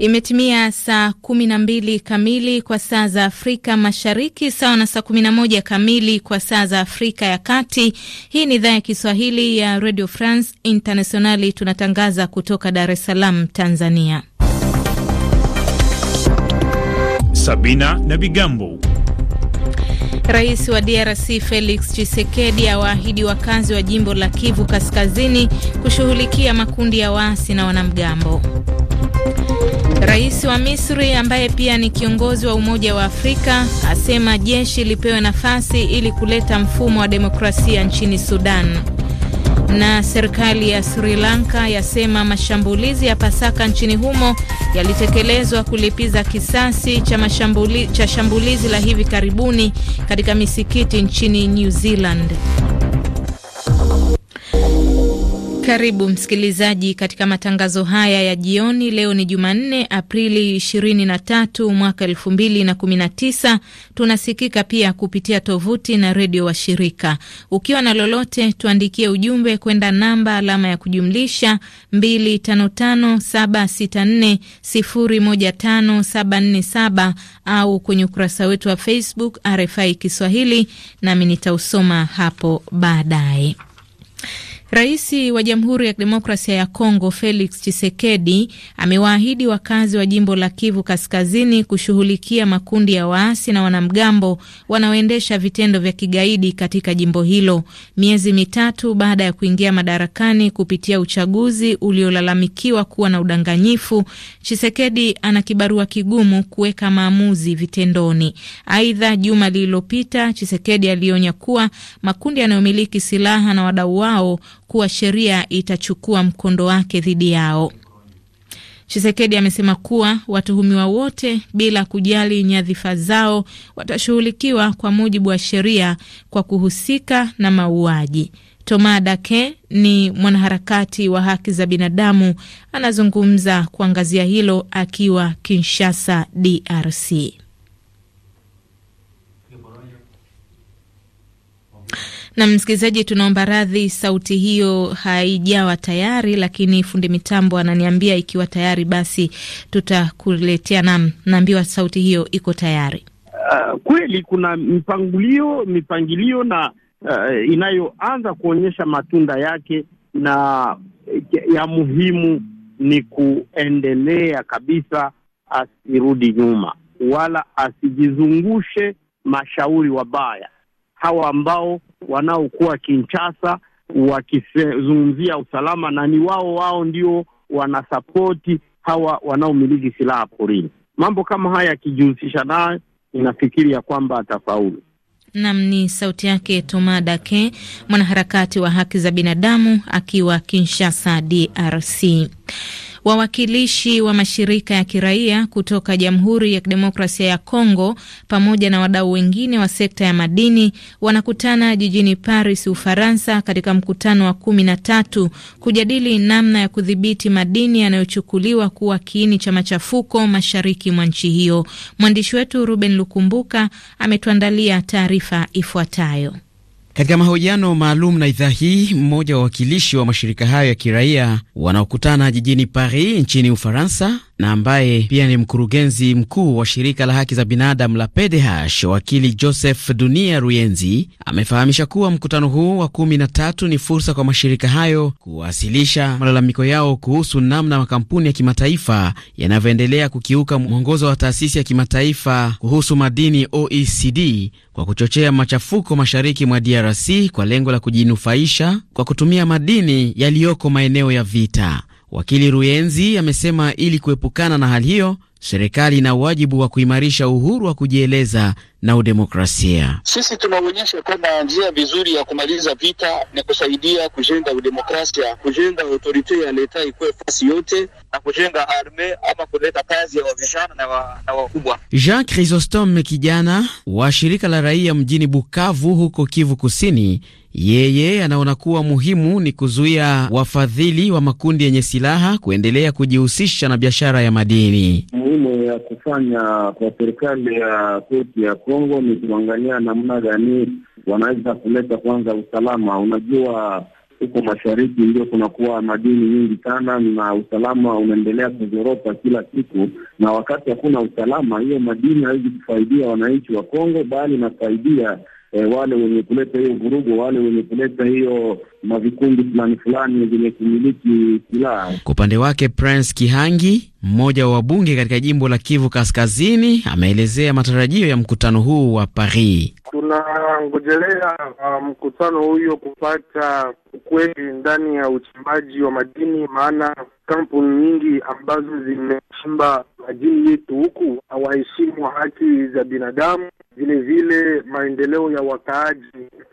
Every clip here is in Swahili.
Imetimia saa 12 kamili kwa saa za Afrika Mashariki, sawa na saa 11 kamili kwa saa za Afrika ya Kati. Hii ni idhaa ya Kiswahili ya Radio France Internationali, tunatangaza kutoka Dar es Salaam, Tanzania. Sabina na Bigambo. Rais wa DRC Felix Tshisekedi awaahidi wakazi wa jimbo la Kivu Kaskazini kushughulikia makundi ya waasi na wanamgambo. Rais wa Misri ambaye pia ni kiongozi wa Umoja wa Afrika asema jeshi lipewe nafasi ili kuleta mfumo wa demokrasia nchini Sudan. Na serikali ya Sri Lanka yasema mashambulizi ya Pasaka nchini humo yalitekelezwa kulipiza kisasi cha mashambuli, cha shambulizi la hivi karibuni katika misikiti nchini New Zealand. Karibu msikilizaji katika matangazo haya ya jioni. Leo ni Jumanne, Aprili 23 mwaka 2019. Tunasikika pia kupitia tovuti na redio wa shirika Ukiwa na lolote, tuandikie ujumbe kwenda namba alama ya kujumlisha 255764015747 au kwenye ukurasa wetu wa Facebook RFI Kiswahili, nami nitausoma hapo baadaye. Rais wa Jamhuri ya Kidemokrasia ya Kongo Felix Tshisekedi amewaahidi wakazi wa jimbo la Kivu Kaskazini kushughulikia makundi ya waasi na wanamgambo wanaoendesha vitendo vya kigaidi katika jimbo hilo, miezi mitatu baada ya kuingia madarakani kupitia uchaguzi uliolalamikiwa kuwa na udanganyifu. Tshisekedi ana kibarua kigumu kuweka maamuzi vitendoni. Aidha, juma lililopita Tshisekedi alionya kuwa makundi yanayomiliki silaha na wadau wao kuwa sheria itachukua mkondo wake dhidi yao. Chisekedi amesema kuwa watuhumiwa wote bila kujali nyadhifa zao watashughulikiwa kwa mujibu wa sheria kwa kuhusika na mauaji. Toma Dake ni mwanaharakati wa haki za binadamu, anazungumza kuangazia hilo akiwa Kinshasa, DRC. Na msikilizaji, tunaomba radhi, sauti hiyo haijawa tayari, lakini fundi mitambo ananiambia ikiwa tayari basi tutakuletea. Nam, naambiwa sauti hiyo iko tayari. Uh, kweli kuna mpangulio mipangilio na uh, inayoanza kuonyesha matunda yake, na eh, ya muhimu ni kuendelea kabisa, asirudi nyuma wala asijizungushe mashauri wabaya hawa ambao wanaokuwa Kinshasa wakizungumzia usalama, na ni wao wao ndio wanasapoti hawa wanaomiliki silaha porini. Mambo kama haya yakijihusisha nayo, inafikiri ya kwamba atafaulu. Nam ni sauti yake Toma Dake, mwanaharakati wa haki za binadamu akiwa Kinshasa, DRC wawakilishi wa mashirika ya kiraia kutoka Jamhuri ya Kidemokrasia ya Kongo pamoja na wadau wengine wa sekta ya madini wanakutana jijini Paris, Ufaransa, katika mkutano wa kumi na tatu kujadili namna ya kudhibiti madini yanayochukuliwa kuwa kiini cha machafuko mashariki mwa nchi hiyo. Mwandishi wetu Ruben Lukumbuka ametuandalia taarifa ifuatayo. Katika mahojiano maalum na idhaa hii, mmoja wa wakilishi wa mashirika hayo ya kiraia wanaokutana jijini Paris nchini Ufaransa, na ambaye pia ni mkurugenzi mkuu wa shirika la haki za binadamu la PDH, wakili Joseph Dunia Ruyenzi amefahamisha kuwa mkutano huu wa kumi na tatu ni fursa kwa mashirika hayo kuwasilisha malalamiko yao kuhusu namna makampuni ya kimataifa yanavyoendelea kukiuka mwongozo wa taasisi ya kimataifa kuhusu madini OECD kwa kuchochea machafuko mashariki mwa DRC kwa lengo la kujinufaisha kwa kutumia madini yaliyoko maeneo ya vita. Wakili Ruyenzi amesema ili kuepukana na hali hiyo, serikali ina wajibu wa kuimarisha uhuru wa kujieleza na udemokrasia. Sisi tunaonyesha kwamba njia vizuri ya kumaliza vita ni kusaidia kujenga udemokrasia, kujenga autorite ya leta ikuwe fasi yote na kujenga arme ama kuleta kazi ya wavijana na wakubwa. Jean Chrysostome kijana wa shirika la raia mjini Bukavu huko Kivu Kusini, yeye anaona kuwa muhimu ni kuzuia wafadhili wa makundi yenye silaha kuendelea kujihusisha na biashara ya madini. Muhimu ya kufanya kwa serikali ya koti ya Kongo ni kuangalia namna gani wanaweza kuleta kwanza usalama. Unajua huko mashariki ndio kunakuwa madini nyingi sana, na usalama unaendelea kuzorota kila siku, na wakati hakuna usalama, hiyo madini hawezi kufaidia wananchi wa Kongo, bali inafaidia e, wale wenye kuleta hiyo vurugu wale wenye kuleta hiyo mavikundi fulani fulani vyenye kumiliki silaha. Kwa upande wake, Prince Kihangi, mmoja wa wabunge katika jimbo la Kivu Kaskazini, ameelezea matarajio ya mkutano huu wa Paris. Tunangojelea uh, mkutano huyo kupata ukweli ndani ya uchimbaji wa madini, maana kampuni nyingi ambazo zimechimba madini yetu huku hawaheshimu haki za binadamu vile maendeleo ya wakaaji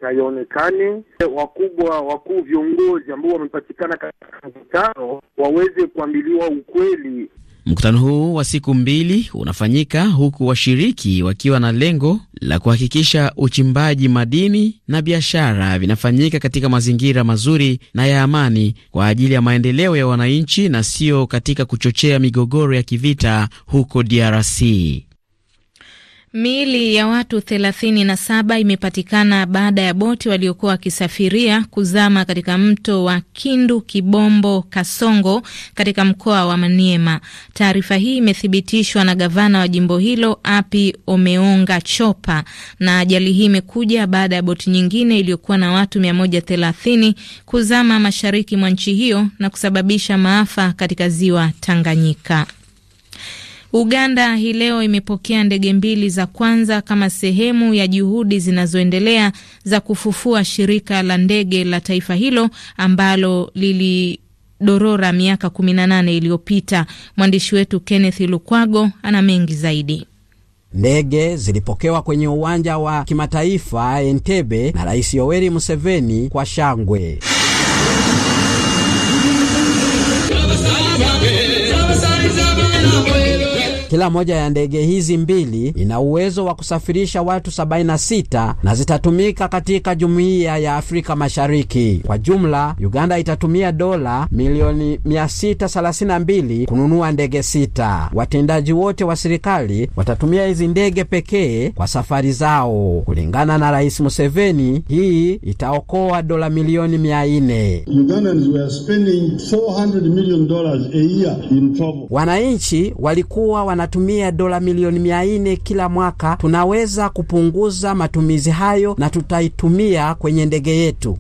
hayaonekani. Wakubwa wakuu, viongozi ambao wamepatikana katika mkutano waweze kuambiliwa ukweli. Mkutano huu wa siku mbili unafanyika huku washiriki wakiwa na lengo la kuhakikisha uchimbaji madini na biashara vinafanyika katika mazingira mazuri na ya amani kwa ajili ya maendeleo ya wananchi na sio katika kuchochea migogoro ya kivita huko DRC. Miili ya watu 37 imepatikana baada ya boti waliokuwa wakisafiria kuzama katika mto wa Kindu Kibombo Kasongo katika mkoa wa Maniema. Taarifa hii imethibitishwa na gavana wa jimbo hilo Api Omeonga Chopa, na ajali hii imekuja baada ya boti nyingine iliyokuwa na watu 130 kuzama mashariki mwa nchi hiyo na kusababisha maafa katika ziwa Tanganyika. Uganda hii leo imepokea ndege mbili za kwanza kama sehemu ya juhudi zinazoendelea za kufufua shirika la ndege la taifa hilo ambalo lili dorora miaka 18 iliyopita. Mwandishi wetu Kenneth Lukwago ana mengi zaidi. Ndege zilipokewa kwenye uwanja wa kimataifa Entebbe na Rais Yoweri Museveni kwa shangwe. Kila moja ya ndege hizi mbili ina uwezo wa kusafirisha watu 76 na zitatumika katika jumuiya ya Afrika Mashariki. Kwa jumla, Uganda itatumia dola milioni 632 kununua ndege sita. Watendaji wote wa serikali watatumia hizi ndege pekee kwa safari zao. Kulingana na Rais Museveni, hii itaokoa dola milioni 400. Wananchi walikuwa anatumia dola milioni mia nne kila mwaka, tunaweza kupunguza matumizi hayo na tutaitumia kwenye ndege yetu.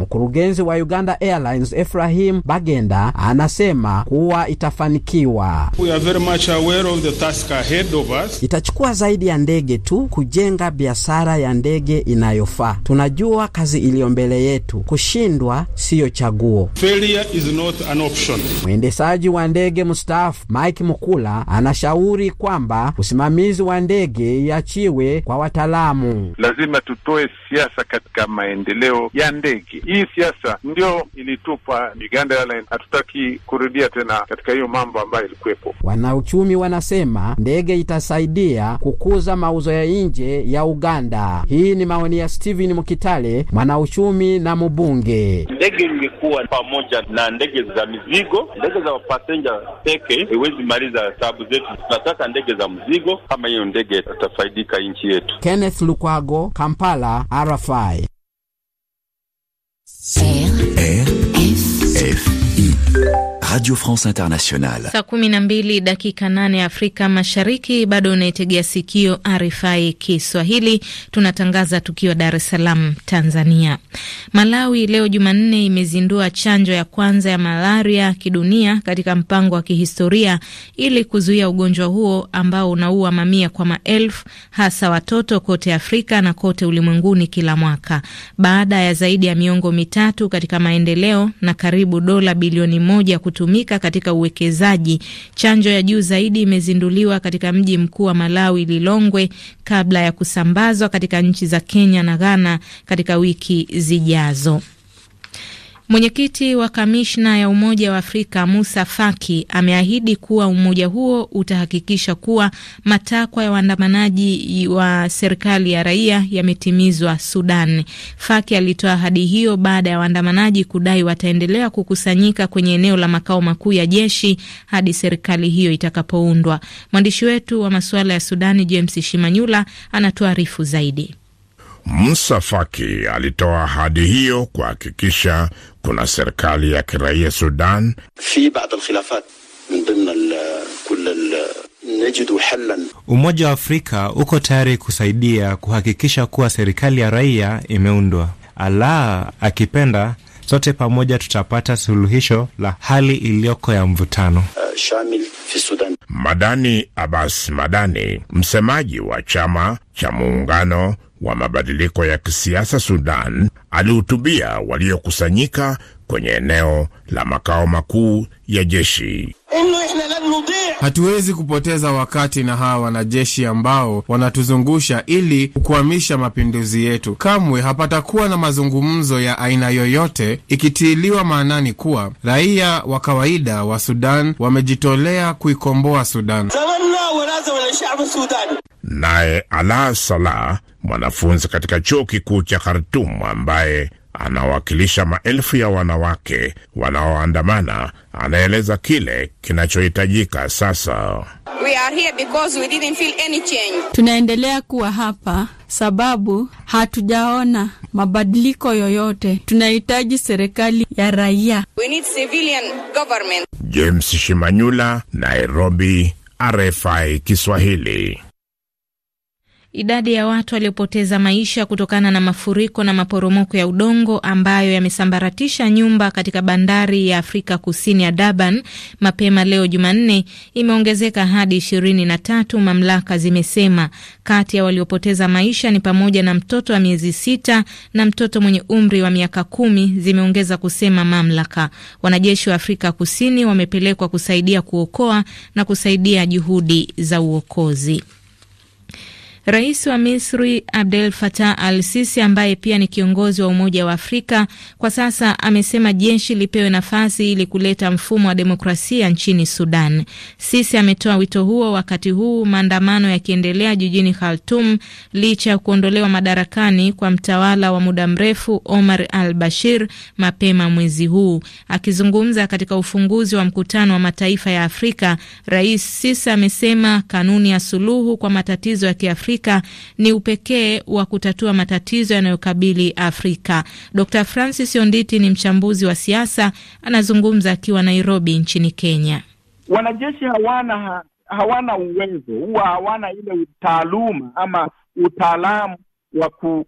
Mkurugenzi wa Uganda Airlines Efrahim Bagenda anasema kuwa itafanikiwa. Itachukua zaidi ya ndege tu kujenga biashara ya ndege inayofaa. Tunajua kazi iliyo mbele yetu, kushindwa siyo chaguo. Failure is not an option. Mwendeshaji wa ndege mstaafu Mike Mukula anashauri kwamba usimamizi wa ndege iachiwe kwa wataalamu. Lazima tutoe siasa katika maendeleo ya ndege. Hii siasa ndio ilitupa Uganda Airlines, hatutaki kurudia tena katika hiyo mambo ambayo ilikuwepo. Wanauchumi wanasema ndege itasaidia kukuza mauzo ya nje ya Uganda. Hii ni maoni ya Steven Mukitale, mwanauchumi na mbunge. Ndege ingekuwa pamoja na ndege za mizigo, ndege za wapasai passenger peke iwezi maliza sababu zetu. Tunataka ndege za mzigo, kama hiyo ndege itafaidika nchi yetu. Kenneth Lukwago, Kampala, RFI. RFI. Radio France Internationale. Saa mbili dakika 8 Afrika Mashariki, bado unaitegea sikio RFI Kiswahili. Tunatangaza tukiwa Dar es Salaam, Tanzania. Malawi leo Jumanne imezindua chanjo ya kwanza ya malaria kidunia katika mpango wa kihistoria ili kuzuia ugonjwa huo ambao unaua mamia kwa maelfu, hasa watoto kote Afrika na kote ulimwenguni kila mwaka, baada ya zaidi ya miongo mitatu katika maendeleo na karibu dola bilioni moja kutumika katika uwekezaji. Chanjo ya juu zaidi imezinduliwa katika mji mkuu wa Malawi, Lilongwe, kabla ya kusambazwa katika nchi za Kenya na Ghana katika wiki zijazo. Mwenyekiti wa kamishna ya Umoja wa Afrika Musa Faki ameahidi kuwa umoja huo utahakikisha kuwa matakwa ya waandamanaji wa serikali ya raia yametimizwa Sudan. Faki alitoa ahadi hiyo baada ya waandamanaji kudai wataendelea kukusanyika kwenye eneo la makao makuu ya jeshi hadi serikali hiyo itakapoundwa. Mwandishi wetu wa masuala ya Sudani James Shimanyula anatuarifu zaidi. Musa Faki alitoa ahadi hiyo kuhakikisha kuna serikali ya kiraia Sudan. Umoja wa Afrika uko tayari kusaidia kuhakikisha kuwa serikali ya raia imeundwa. Allah akipenda, sote pamoja tutapata suluhisho la hali iliyoko ya mvutano. Uh, Madani Abbas Madani, msemaji wa chama cha muungano wa mabadiliko ya kisiasa Sudan alihutubia waliokusanyika kwenye eneo la makao makuu ya jeshi. Hatuwezi kupoteza wakati na hawa wanajeshi ambao wanatuzungusha ili kukwamisha mapinduzi yetu. Kamwe hapatakuwa na mazungumzo ya aina yoyote, ikitiiliwa maanani kuwa raia wa kawaida wa Sudan wamejitolea kuikomboa Sudan. Naye Ala Salah, mwanafunzi katika chuo kikuu cha Khartum, ambaye anawakilisha maelfu ya wanawake wanaoandamana, anaeleza kile kinachohitajika sasa. We are here because we didn't feel any change. Tunaendelea kuwa hapa sababu hatujaona mabadiliko yoyote. Tunahitaji serikali ya raia. We need civilian government. James Shimanyula, Nairobi, RFI Kiswahili. Idadi ya watu waliopoteza maisha kutokana na mafuriko na maporomoko ya udongo ambayo yamesambaratisha nyumba katika bandari ya Afrika Kusini ya Durban mapema leo Jumanne imeongezeka hadi ishirini na tatu, mamlaka zimesema. Kati ya waliopoteza maisha ni pamoja na mtoto wa miezi sita na mtoto mwenye umri wa miaka kumi, zimeongeza kusema mamlaka. Wanajeshi wa Afrika Kusini wamepelekwa kusaidia kuokoa na kusaidia juhudi za uokozi. Rais wa Misri Abdel Fattah al Sisi, ambaye pia ni kiongozi wa Umoja wa Afrika, kwa sasa amesema jeshi lipewe nafasi ili kuleta mfumo wa demokrasia nchini Sudan. Sisi ametoa wito huo wakati huu maandamano yakiendelea jijini Khartum licha ya kuondolewa madarakani kwa mtawala wa muda mrefu Omar al Bashir mapema mwezi huu. Akizungumza katika ufunguzi wa mkutano wa mataifa ya Afrika, Rais Sisi amesema kanuni ya suluhu kwa matatizo ya Kiafrika Afrika ni upekee wa kutatua matatizo yanayokabili Afrika. Dr Francis Onditi ni mchambuzi wa siasa, anazungumza akiwa Nairobi nchini Kenya. Wanajeshi hawana hawana uwezo huwa hawana ile utaaluma ama utaalamu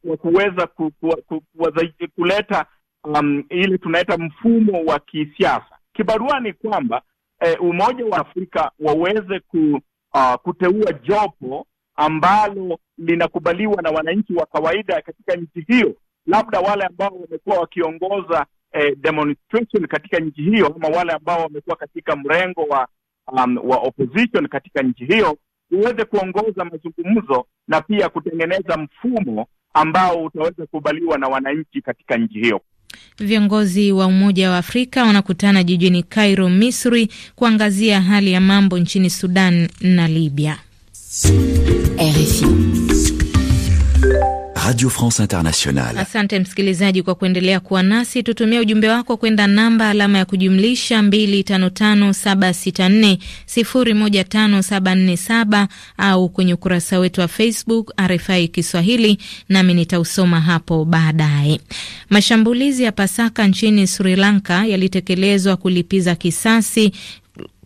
wa kuweza ku, ku, ku, ku, kuleta um, ile tunaita mfumo wa kisiasa. Kibarua ni kwamba eh, Umoja wa Afrika waweze ku, uh, kuteua jopo ambalo linakubaliwa na wananchi wa kawaida katika nchi hiyo, labda wale ambao wamekuwa wakiongoza eh, demonstration katika nchi hiyo ama wale ambao wamekuwa katika mrengo wa um, wa opposition katika nchi hiyo, uweze kuongoza mazungumzo na pia kutengeneza mfumo ambao utaweza kukubaliwa na wananchi katika nchi hiyo. Viongozi wa Umoja wa Afrika wanakutana jijini Cairo, Misri kuangazia hali ya mambo nchini Sudan na Libya. RFI. Radio France Internationale. Asante msikilizaji kwa kuendelea kuwa nasi. Tutumia ujumbe wako kwenda namba alama ya kujumlisha 255764015747 au kwenye ukurasa wetu wa Facebook RFI Kiswahili, nami nitausoma hapo baadaye. Mashambulizi ya Pasaka nchini Sri Lanka yalitekelezwa kulipiza kisasi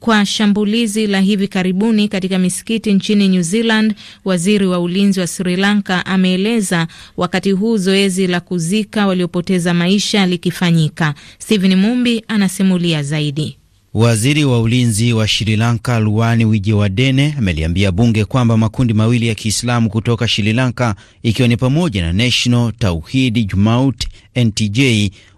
kwa shambulizi la hivi karibuni katika misikiti nchini New Zealand, waziri wa ulinzi wa Sri Lanka ameeleza, wakati huu zoezi la kuzika waliopoteza maisha likifanyika. Stephen Mumbi anasimulia zaidi. Waziri wa ulinzi wa Sri Lanka Luwani Wijewadene ameliambia bunge kwamba makundi mawili ya Kiislamu kutoka Sri Lanka ikiwa ni pamoja na National Tauhid Jumaut NTJ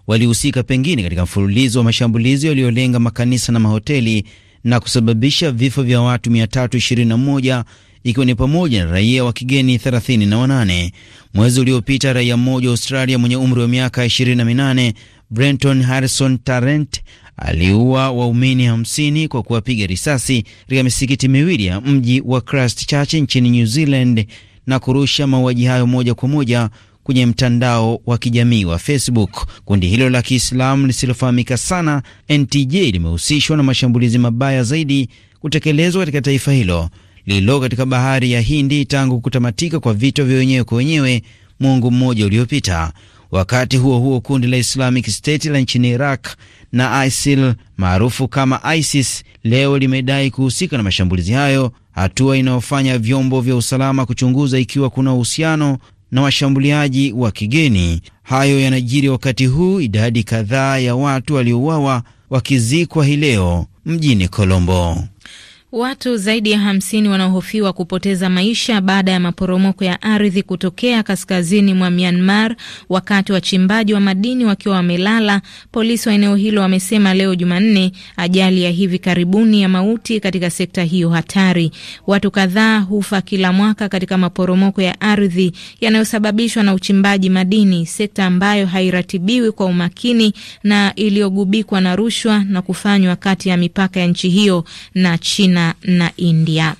walihusika pengine katika mfululizo wa mashambulizi yaliyolenga makanisa na mahoteli na kusababisha vifo vya watu 321 ikiwa ni pamoja na raia wa kigeni 38. Mwezi uliopita raia mmoja wa Australia mwenye umri wa miaka 28 Brenton Harrison Tarrant aliua waumini 50 kwa kuwapiga risasi katika misikiti miwili ya mji wa Christchurch nchini New Zealand na kurusha mauaji hayo moja kwa moja kwenye mtandao wa kijamii wa Facebook. Kundi hilo la Kiislamu lisilofahamika sana NTJ limehusishwa na mashambulizi mabaya zaidi kutekelezwa katika taifa hilo lililo katika bahari ya Hindi tangu kutamatika kwa vita vya wenyewe kwa wenyewe mwongo mmoja uliopita. Wakati huo huo, kundi la Islamic State la nchini Iraq na ISIL maarufu kama ISIS leo limedai kuhusika na mashambulizi hayo, hatua inayofanya vyombo vya usalama kuchunguza ikiwa kuna uhusiano na washambuliaji wa kigeni. Hayo yanajiri wakati huu idadi kadhaa ya watu waliouawa wakizikwa hii leo mjini Colombo. Watu zaidi ya hamsini wanaohofiwa kupoteza maisha baada ya maporomoko ya ardhi kutokea kaskazini mwa Myanmar wakati wachimbaji wa madini wakiwa wamelala, polisi wa eneo hilo wamesema leo Jumanne, ajali ya hivi karibuni ya mauti katika sekta hiyo hatari. Watu kadhaa hufa kila mwaka katika maporomoko ya ardhi yanayosababishwa na uchimbaji madini, sekta ambayo hairatibiwi kwa umakini na iliyogubikwa na rushwa na kufanywa kati ya mipaka ya nchi hiyo na China na India.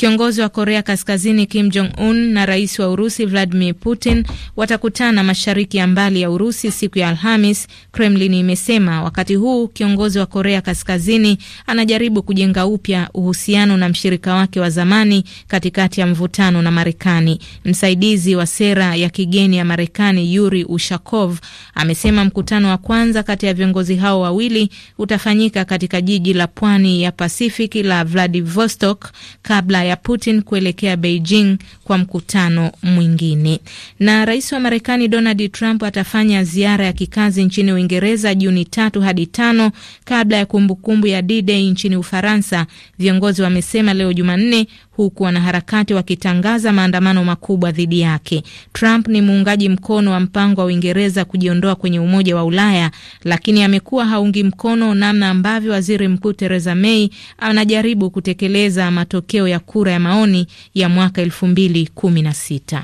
Kiongozi wa Korea Kaskazini Kim Jong Un na rais wa Urusi Vladimir Putin watakutana mashariki ya mbali ya Urusi siku ya Alhamis, Kremlin imesema. Wakati huu kiongozi wa Korea Kaskazini anajaribu kujenga upya uhusiano na mshirika wake wa zamani katikati ya mvutano na Marekani. Msaidizi wa sera ya kigeni ya Marekani Yuri Ushakov amesema mkutano wa kwanza kati ya viongozi hao wawili utafanyika katika jiji la pwani ya Pasifiki la Vladivostok kabla ya ya Putin kuelekea Beijing kwa mkutano mwingine. Na rais wa Marekani Donald Trump atafanya ziara ya kikazi nchini Uingereza Juni tatu hadi tano kabla ya kumbukumbu ya D-Day nchini Ufaransa, viongozi wamesema leo Jumanne, huku wanaharakati wakitangaza maandamano makubwa dhidi yake. Trump ni muungaji mkono wa mpango wa Uingereza kujiondoa kwenye Umoja wa Ulaya, lakini amekuwa haungi mkono namna ambavyo waziri mkuu Theresa May anajaribu kutekeleza matokeo ya kura ya maoni ya mwaka 2016.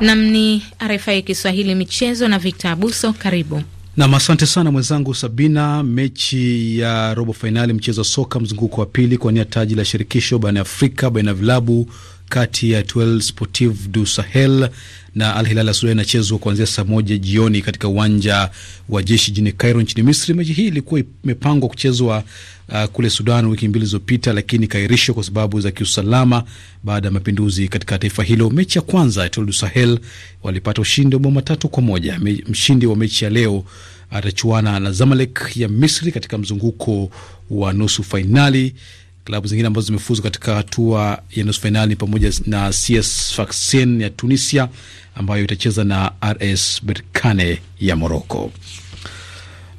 Nam ni RFI Kiswahili michezo na Victor Abuso, karibu. Nam, asante sana mwenzangu Sabina. Mechi ya robo fainali mchezo wa soka mzunguko wa pili kwa nia taji la shirikisho barani Afrika baina ya vilabu kati ya Etoile Sportive du Sahel na Al Hilal ya Sudan inachezwa kuanzia saa moja jioni katika uwanja wa jeshi jijini Cairo nchini Misri. Mechi hii ilikuwa imepangwa kuchezwa uh, kule Sudan wiki mbili zilizopita, lakini ikairishwa kwa sababu za kiusalama baada ya mapinduzi katika taifa hilo. Mechi ya kwanza Etoile du Sahel walipata ushindi wa bao matatu kwa moja. Me, mshindi wa mechi ya leo atachuana na Zamalek ya Misri katika mzunguko wa nusu fainali. Klabu zingine ambazo zimefuzu katika hatua ya nusu fainali ni pamoja na CS Sfaxien ya Tunisia ambayo itacheza na RS Berkane ya Moroko.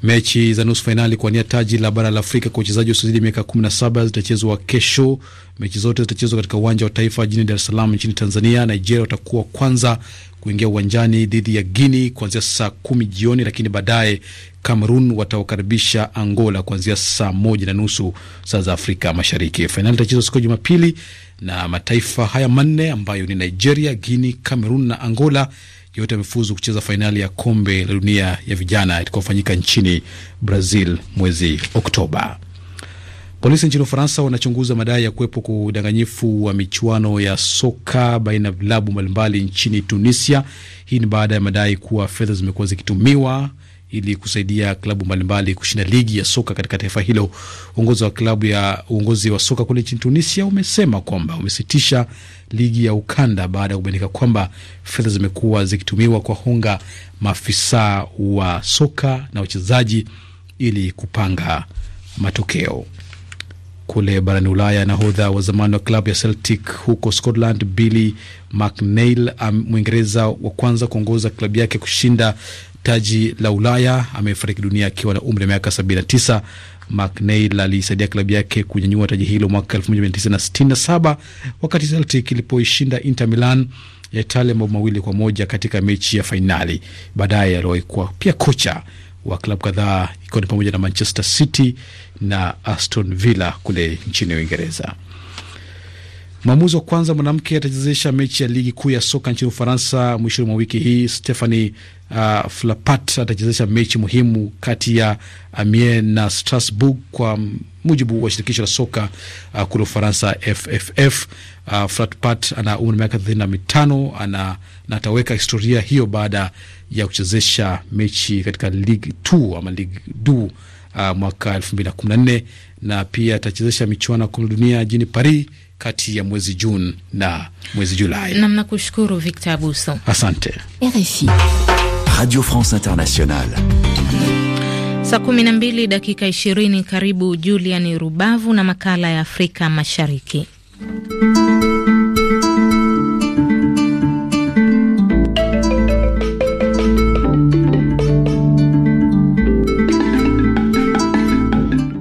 Mechi za nusu fainali kuwania taji la bara la Afrika kwa wachezaji wasiozidi miaka 17 zitachezwa kesho. Mechi zote zitachezwa katika uwanja wa taifa jijini Dar es Salaam nchini Tanzania. Nigeria watakuwa kwanza kuingia uwanjani dhidi ya Guini kuanzia saa kumi jioni, lakini baadaye Cameroon watawakaribisha Angola kuanzia saa moja na nusu saa za Afrika Mashariki. Fainali itachezwa siku ya Jumapili na mataifa haya manne ambayo ni Nigeria, Guinea, Cameroon na Angola yote yamefuzu kucheza fainali ya kombe la dunia ya vijana itakaofanyika nchini Brazil mwezi Oktoba. Polisi nchini Ufaransa wanachunguza madai ya kuwepo kwa udanganyifu wa michuano ya soka baina ya vilabu mbalimbali nchini Tunisia. Hii ni baada ya madai kuwa fedha zimekuwa zikitumiwa ili kusaidia klabu mbalimbali kushinda ligi ya soka katika taifa hilo. Uongozi wa klabu ya uongozi wa soka kule nchini Tunisia umesema kwamba umesitisha ligi ya ukanda baada ya kubainika kwamba fedha zimekuwa zikitumiwa kwa hunga maafisa wa soka na wachezaji ili kupanga matokeo. Kule barani Ulaya, nahodha wa zamani wa klabu ya Celtic huko Scotland Billy McNeil, Mwingereza wa kwanza kuongoza klabu yake kushinda taji la Ulaya. Amefariki dunia akiwa na umri wa miaka 79. McNeil alisaidia klabu yake kunyanyua taji hilo mwaka 1967 wakati Celtic ilipoishinda Inter Milan ya Italia mabao mawili kwa moja katika mechi ya fainali. Baadaye aliwahi kuwa pia kocha wa klabu kadhaa ikiwa ni pamoja na Manchester City na Aston Villa kule nchini Uingereza. Mwamuzi wa kwanza mwanamke atachezesha mechi ya ligi kuu ya soka nchini Ufaransa mwishoni mwa wiki hii. Stephanie uh, ah, Flapat atachezesha mechi muhimu kati ya Amiens na Strasbourg kwa mujibu wa shirikisho la soka uh, kule Ufaransa, FFF. Uh, ah, Flatpat ana umri miaka thelathini na mitano ana na ataweka historia hiyo baada ya kuchezesha mechi katika Ligue 2 ama Ligue 2 uh, mwaka elfu mbili na kumi na nne na pia atachezesha michuano ya kombe dunia jini Paris kati ya mwezi Juni na mwezi Julai. Namna kushukuru Victor Abuso, asante RFI. Radio France Internationale. Saa mbili dakika ishirini. Karibu Julian Rubavu na makala ya Afrika Mashariki.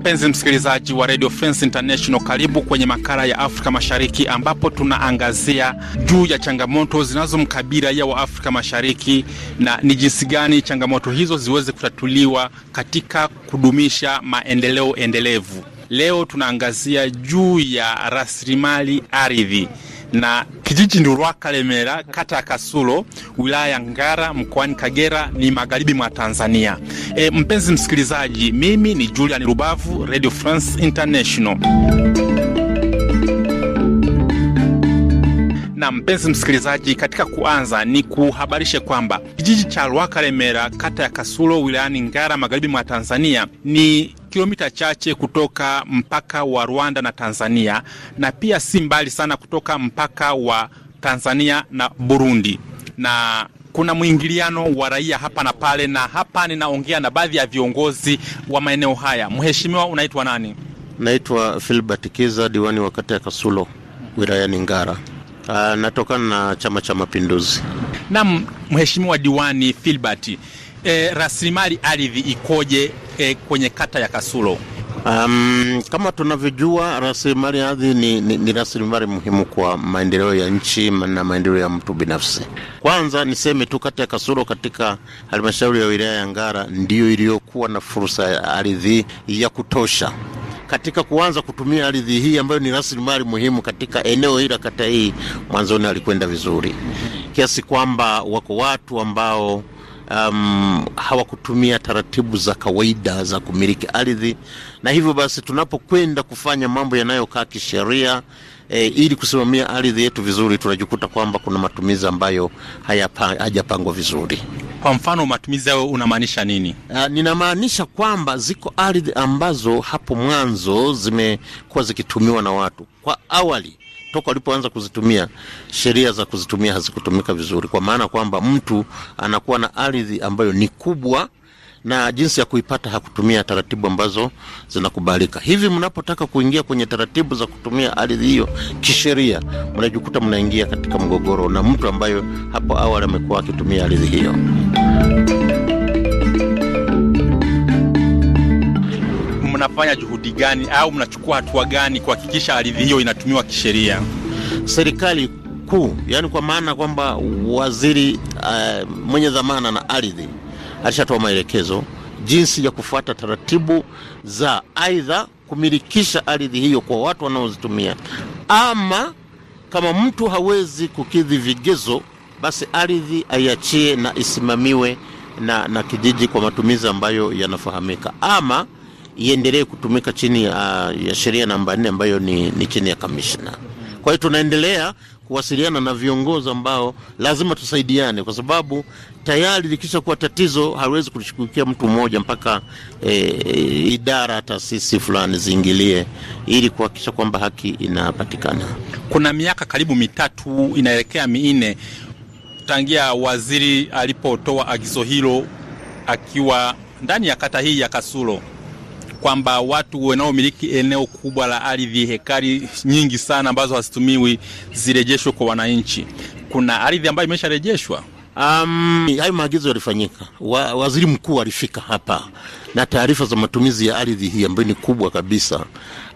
Mpenzi msikilizaji wa Radio France International, karibu kwenye makala ya Afrika Mashariki ambapo tunaangazia juu ya changamoto zinazomkabili raia wa Afrika Mashariki na ni jinsi gani changamoto hizo ziweze kutatuliwa katika kudumisha maendeleo endelevu. Leo tunaangazia juu ya rasilimali ardhi na kijiji Ndurwa Kalemera, kata ya Kasulo, wilaya ya Ngara, mkoani Kagera, ni magharibi mwa Tanzania. E, mpenzi msikilizaji, mimi ni Julian Rubavu, Radio France International. Na mpenzi msikilizaji, katika kuanza ni kuhabarishe kwamba kijiji cha Rwakaremera kata ya Kasulo wilayani Ngara magharibi mwa Tanzania ni kilomita chache kutoka mpaka wa Rwanda na Tanzania, na pia si mbali sana kutoka mpaka wa Tanzania na Burundi, na kuna mwingiliano wa raia hapa na pale. Na hapa ninaongea na baadhi ya viongozi wa maeneo haya. Mheshimiwa, unaitwa nani? Naitwa Filbert Kiza, diwani wa kata ya Kasulo wilayani Ngara. Uh, ah, natokana na Chama cha Mapinduzi. Naam, Mheshimiwa diwani Filbert e, rasilimali ardhi ikoje e, kwenye kata ya Kasulo? Um, kama tunavyojua rasilimali ardhi ni, ni, ni rasilimali muhimu kwa maendeleo ya nchi na maendeleo ya mtu binafsi. Kwanza niseme tu kata ya Kasulo katika halmashauri ya wilaya ya Ngara ndiyo iliyokuwa na fursa ya ardhi ya kutosha katika kuanza kutumia ardhi hii ambayo ni rasilimali muhimu katika eneo hili la kata hii. Mwanzoni alikwenda vizuri kiasi kwamba wako watu ambao um, hawakutumia taratibu za kawaida za kumiliki ardhi, na hivyo basi tunapokwenda kufanya mambo yanayokaa kisheria e, ili kusimamia ardhi yetu vizuri, tunajikuta kwamba kuna matumizi ambayo hajapangwa vizuri. Kwa mfano matumizi hayo unamaanisha nini? Uh, ninamaanisha kwamba ziko ardhi ambazo hapo mwanzo zimekuwa zikitumiwa na watu kwa awali toka walipoanza kuzitumia sheria za kuzitumia hazikutumika vizuri, kwa maana kwamba mtu anakuwa na ardhi ambayo ni kubwa na jinsi ya kuipata hakutumia taratibu ambazo zinakubalika. Hivi mnapotaka kuingia kwenye taratibu za kutumia ardhi hiyo kisheria, mnajikuta mnaingia katika mgogoro na mtu ambayo hapo awali amekuwa akitumia ardhi hiyo. mnafanya juhudi gani au mnachukua hatua gani kuhakikisha ardhi hiyo inatumiwa kisheria? Serikali kuu, yani kwa maana kwamba waziri uh, mwenye dhamana na ardhi alishatoa maelekezo jinsi ya kufuata taratibu za aidha kumilikisha ardhi hiyo kwa watu wanaozitumia, ama kama mtu hawezi kukidhi vigezo, basi ardhi aiachie na isimamiwe na, na kijiji kwa matumizi ambayo yanafahamika ama iendelee kutumika chini ya, ya sheria namba nne ambayo ni, ni chini ya kamishna. Kwa hiyo tunaendelea kuwasiliana na viongozi ambao lazima tusaidiane, kwa sababu tayari likisha kuwa tatizo haliwezi kulishughulikia mtu mmoja, mpaka e, idara taasisi fulani ziingilie ili kuhakikisha kwamba haki inapatikana. Kuna miaka karibu mitatu inaelekea minne tangia waziri alipotoa agizo hilo akiwa ndani ya kata hii ya Kasulo kwamba watu wanaomiliki eneo kubwa la ardhi, hekari nyingi sana ambazo hazitumiwi zirejeshwe kwa wananchi. Kuna ardhi ambayo imesharejeshwa. Um, hayo maagizo yalifanyika. Wa, waziri mkuu alifika hapa na taarifa za matumizi ya ardhi hii ambayo ni kubwa kabisa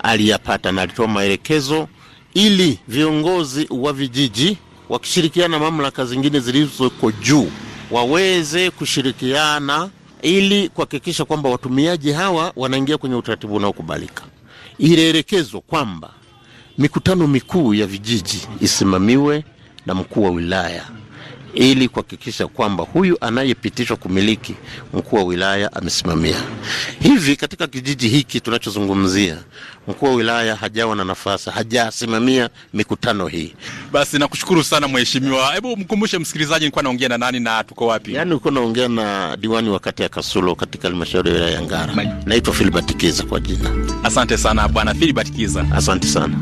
aliyapata, na alitoa maelekezo ili viongozi wa vijiji wakishirikiana na mamlaka zingine zilizoko juu waweze kushirikiana ili kuhakikisha kwamba watumiaji hawa wanaingia kwenye utaratibu unaokubalika. Ilielekezwa kwamba mikutano mikuu ya vijiji isimamiwe na mkuu wa wilaya ili kuhakikisha kwamba huyu anayepitishwa kumiliki mkuu wa wilaya amesimamia. Hivi katika kijiji hiki tunachozungumzia, mkuu wa wilaya hajawa na nafasi, hajasimamia mikutano hii. Basi nakushukuru sana mheshimiwa. Hebu mkumbushe msikilizaji, nilikuwa naongea na nani na tuko wapi? Yaani ulikuwa naongea na diwani wa kata ya Kasulo katika halmashauri ya wilaya ya Ngara. Naitwa Filibert Kiza kwa jina. Asante sana bwana Filibert Kiza, asante sana.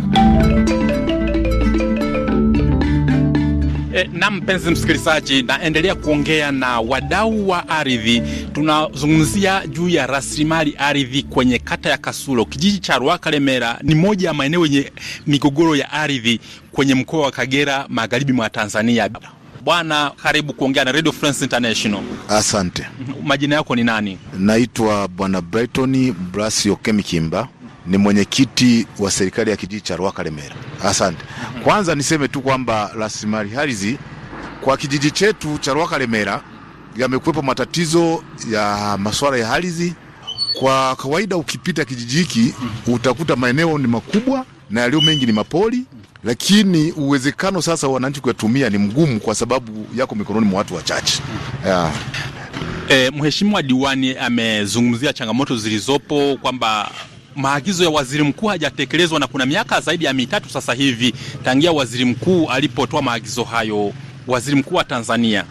E, na mpenzi msikilizaji, naendelea kuongea na wadau wa ardhi. Tunazungumzia juu ya rasilimali ardhi kwenye kata ya Kasulo. Kijiji cha Ruaka Lemera ni moja ya maeneo yenye migogoro ya ardhi kwenye mkoa wa Kagera, magharibi mwa Tanzania. Bwana, karibu kuongea na Radio France International. Asante. Majina yako ni nani? Naitwa Bwana Brighton Brasio Kemikimba ni mwenyekiti wa serikali ya kijiji cha Ruaka Remera. Asante. Kwanza niseme tu kwamba rasilimali hizi kwa kijiji chetu cha Ruaka Remera yamekuwepo matatizo ya masuala ya ardhi. Kwa kawaida ukipita kijiji hiki utakuta maeneo ni makubwa na yaliyo mengi ni mapoli lakini uwezekano sasa wananchi kuyatumia ni mgumu kwa sababu yako mikononi mwa watu wachache yeah. Mheshimiwa diwani amezungumzia changamoto zilizopo kwamba maagizo ya waziri mkuu hajatekelezwa na kuna miaka zaidi ya mitatu sasa hivi tangia waziri mkuu alipotoa maagizo hayo. Waziri mkuu wa Tanzania,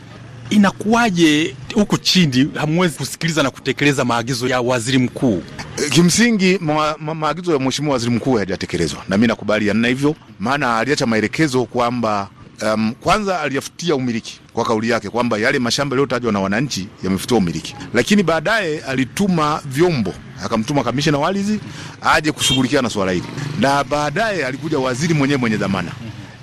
inakuwaje huku chini hamwezi kusikiliza na kutekeleza maagizo ya waziri mkuu? Kimsingi ma, ma, maagizo ya mheshimiwa waziri mkuu hayajatekelezwa, na mimi nakubaliana na hivyo, maana aliacha maelekezo kwamba Um, kwanza aliyafutia umiliki kwa kauli yake kwamba yale mashamba yaliyotajwa na wananchi yamefutiwa umiliki, lakini baadaye alituma vyombo, akamtuma kamishna walizi aje kushughulikia na swala hili, na baadaye alikuja waziri mwenyewe mwenye dhamana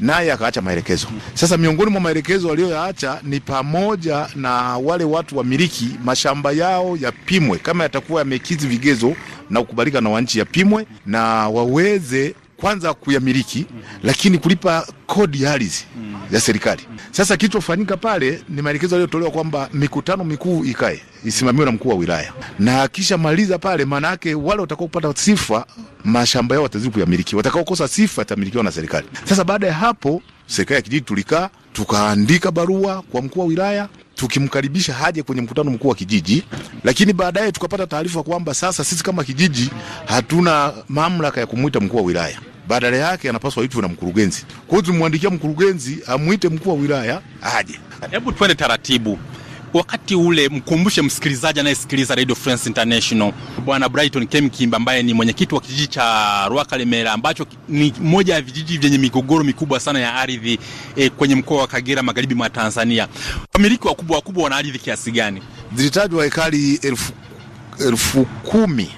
naye akaacha maelekezo. Sasa miongoni mwa maelekezo aliyoyaacha ni pamoja na wale watu wamiliki mashamba yao yapimwe, kama yatakuwa yamekidhi vigezo na kukubalika na wananchi, yapimwe na waweze kwanza kuyamiliki, mm -hmm. lakini kulipa kodi ya ardhi mm -hmm. ya serikali. mm -hmm. Sasa kilichofanyika pale ni maelekezo yaliyotolewa kwamba mikutano mikuu ikae isimamiwe na mkuu wa wilaya, na maliza pale, maana yake wale watakao kupata sifa mashamba yao watazidi kuyamiliki, watakaokosa sifa yatamilikiwa na serikali. Sasa baada ya hapo, serikali ya kijiji tulikaa tukaandika barua kwa mkuu wa wilaya tukimkaribisha haje kwenye mkutano mkuu wa kijiji, lakini baadaye tukapata taarifa kwamba sasa sisi kama kijiji hatuna mamlaka ya kumwita mkuu wa wilaya badala yake anapaswa aitwe na mkurugenzi. Kwa hiyo tumwandikia mkurugenzi amwite mkuu wa wilaya aje. Hebu twende taratibu wakati ule mkumbushe msikilizaji anayesikiliza Radio France International, Bwana Brighton Kemkimba ambaye ni mwenyekiti wa kijiji cha Rwakalemera ambacho ni moja ya vijiji vyenye migogoro mikubwa sana ya ardhi e, kwenye mkoa wa Kagera magharibi mwa Tanzania. Wamiliki wakubwa wakubwa wana ardhi kiasi gani? Zilitajwa hekari elfu, elfu kumi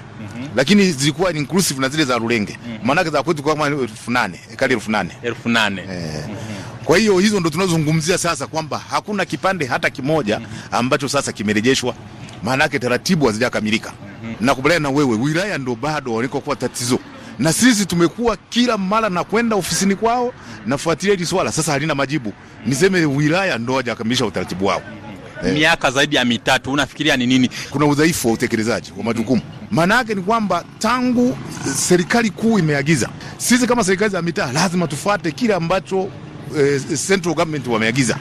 mm. lakini zilikuwa inclusive na zile za Rulenge mm. maanake za kwetu kama elfu nane ekari elfu nane elfu nane eh. mm -hmm. kwa hiyo hizo ndo tunazozungumzia sasa kwamba hakuna kipande hata kimoja mm -hmm. ambacho sasa kimerejeshwa, maanake taratibu hazijakamilika. mm -hmm. Nakubaliana na wewe, wilaya ndo bado walikokuwa tatizo na sisi tumekuwa kila mara na kwenda ofisini kwao nafuatilia hili swala, sasa halina majibu. Niseme wilaya ndo hajakamilisha utaratibu wao miaka zaidi ya mitatu. Unafikiria ni nini? Kuna udhaifu wa utekelezaji wa majukumu. Maana yake ni kwamba tangu serikali kuu imeagiza, sisi kama serikali za mitaa lazima tufuate kile ambacho eh, central government wameagiza.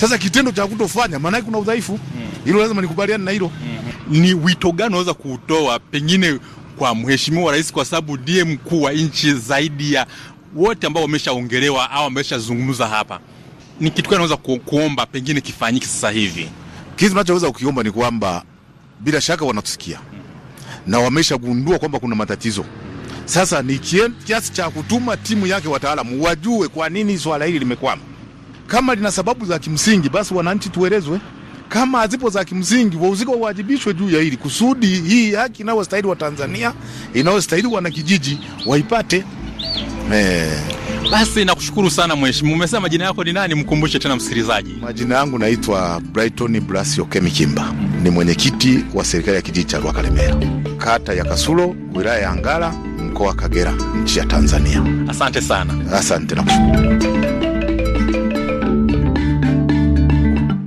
Sasa kitendo cha kutofanya, maana yake kuna udhaifu. Mm. Hilo lazima nikubaliane na hilo. Mm-hmm. Ni wito gani unaweza kuutoa pengine kwa mheshimiwa rais, kwa sababu ndiye mkuu wa nchi zaidi ya wote ambao wameshaongelewa au wameshazungumza hapa? Ni kitu gani unaweza ku, kuomba pengine kifanyike sasa hivi? Kitu tunachoweza kukiomba ni kwamba bila shaka wanatusikia na wameshagundua kwamba kuna matatizo. Sasa ni kiasi cha kutuma timu yake wataalamu wajue kwa nini swala hili limekwama. Kama lina sababu za kimsingi, basi wananchi tuelezwe. Kama hazipo za kimsingi, wahusika wawajibishwe juu ya hili kusudi hii haki inayostahili wa Tanzania inayostahili wanakijiji waipate eh. Basi nakushukuru sana mheshimiwa. Umesema majina yako ni nani? Mkumbushe tena msikilizaji. Majina yangu naitwa Brighton Blasio Kemikimba, ni mwenyekiti wa serikali ya kijiji cha Rwakalemera, kata ya Kasulo, wilaya ya Ngara, mkoa wa Kagera, nchi ya Tanzania. Asante sana. Asante nakushukuru.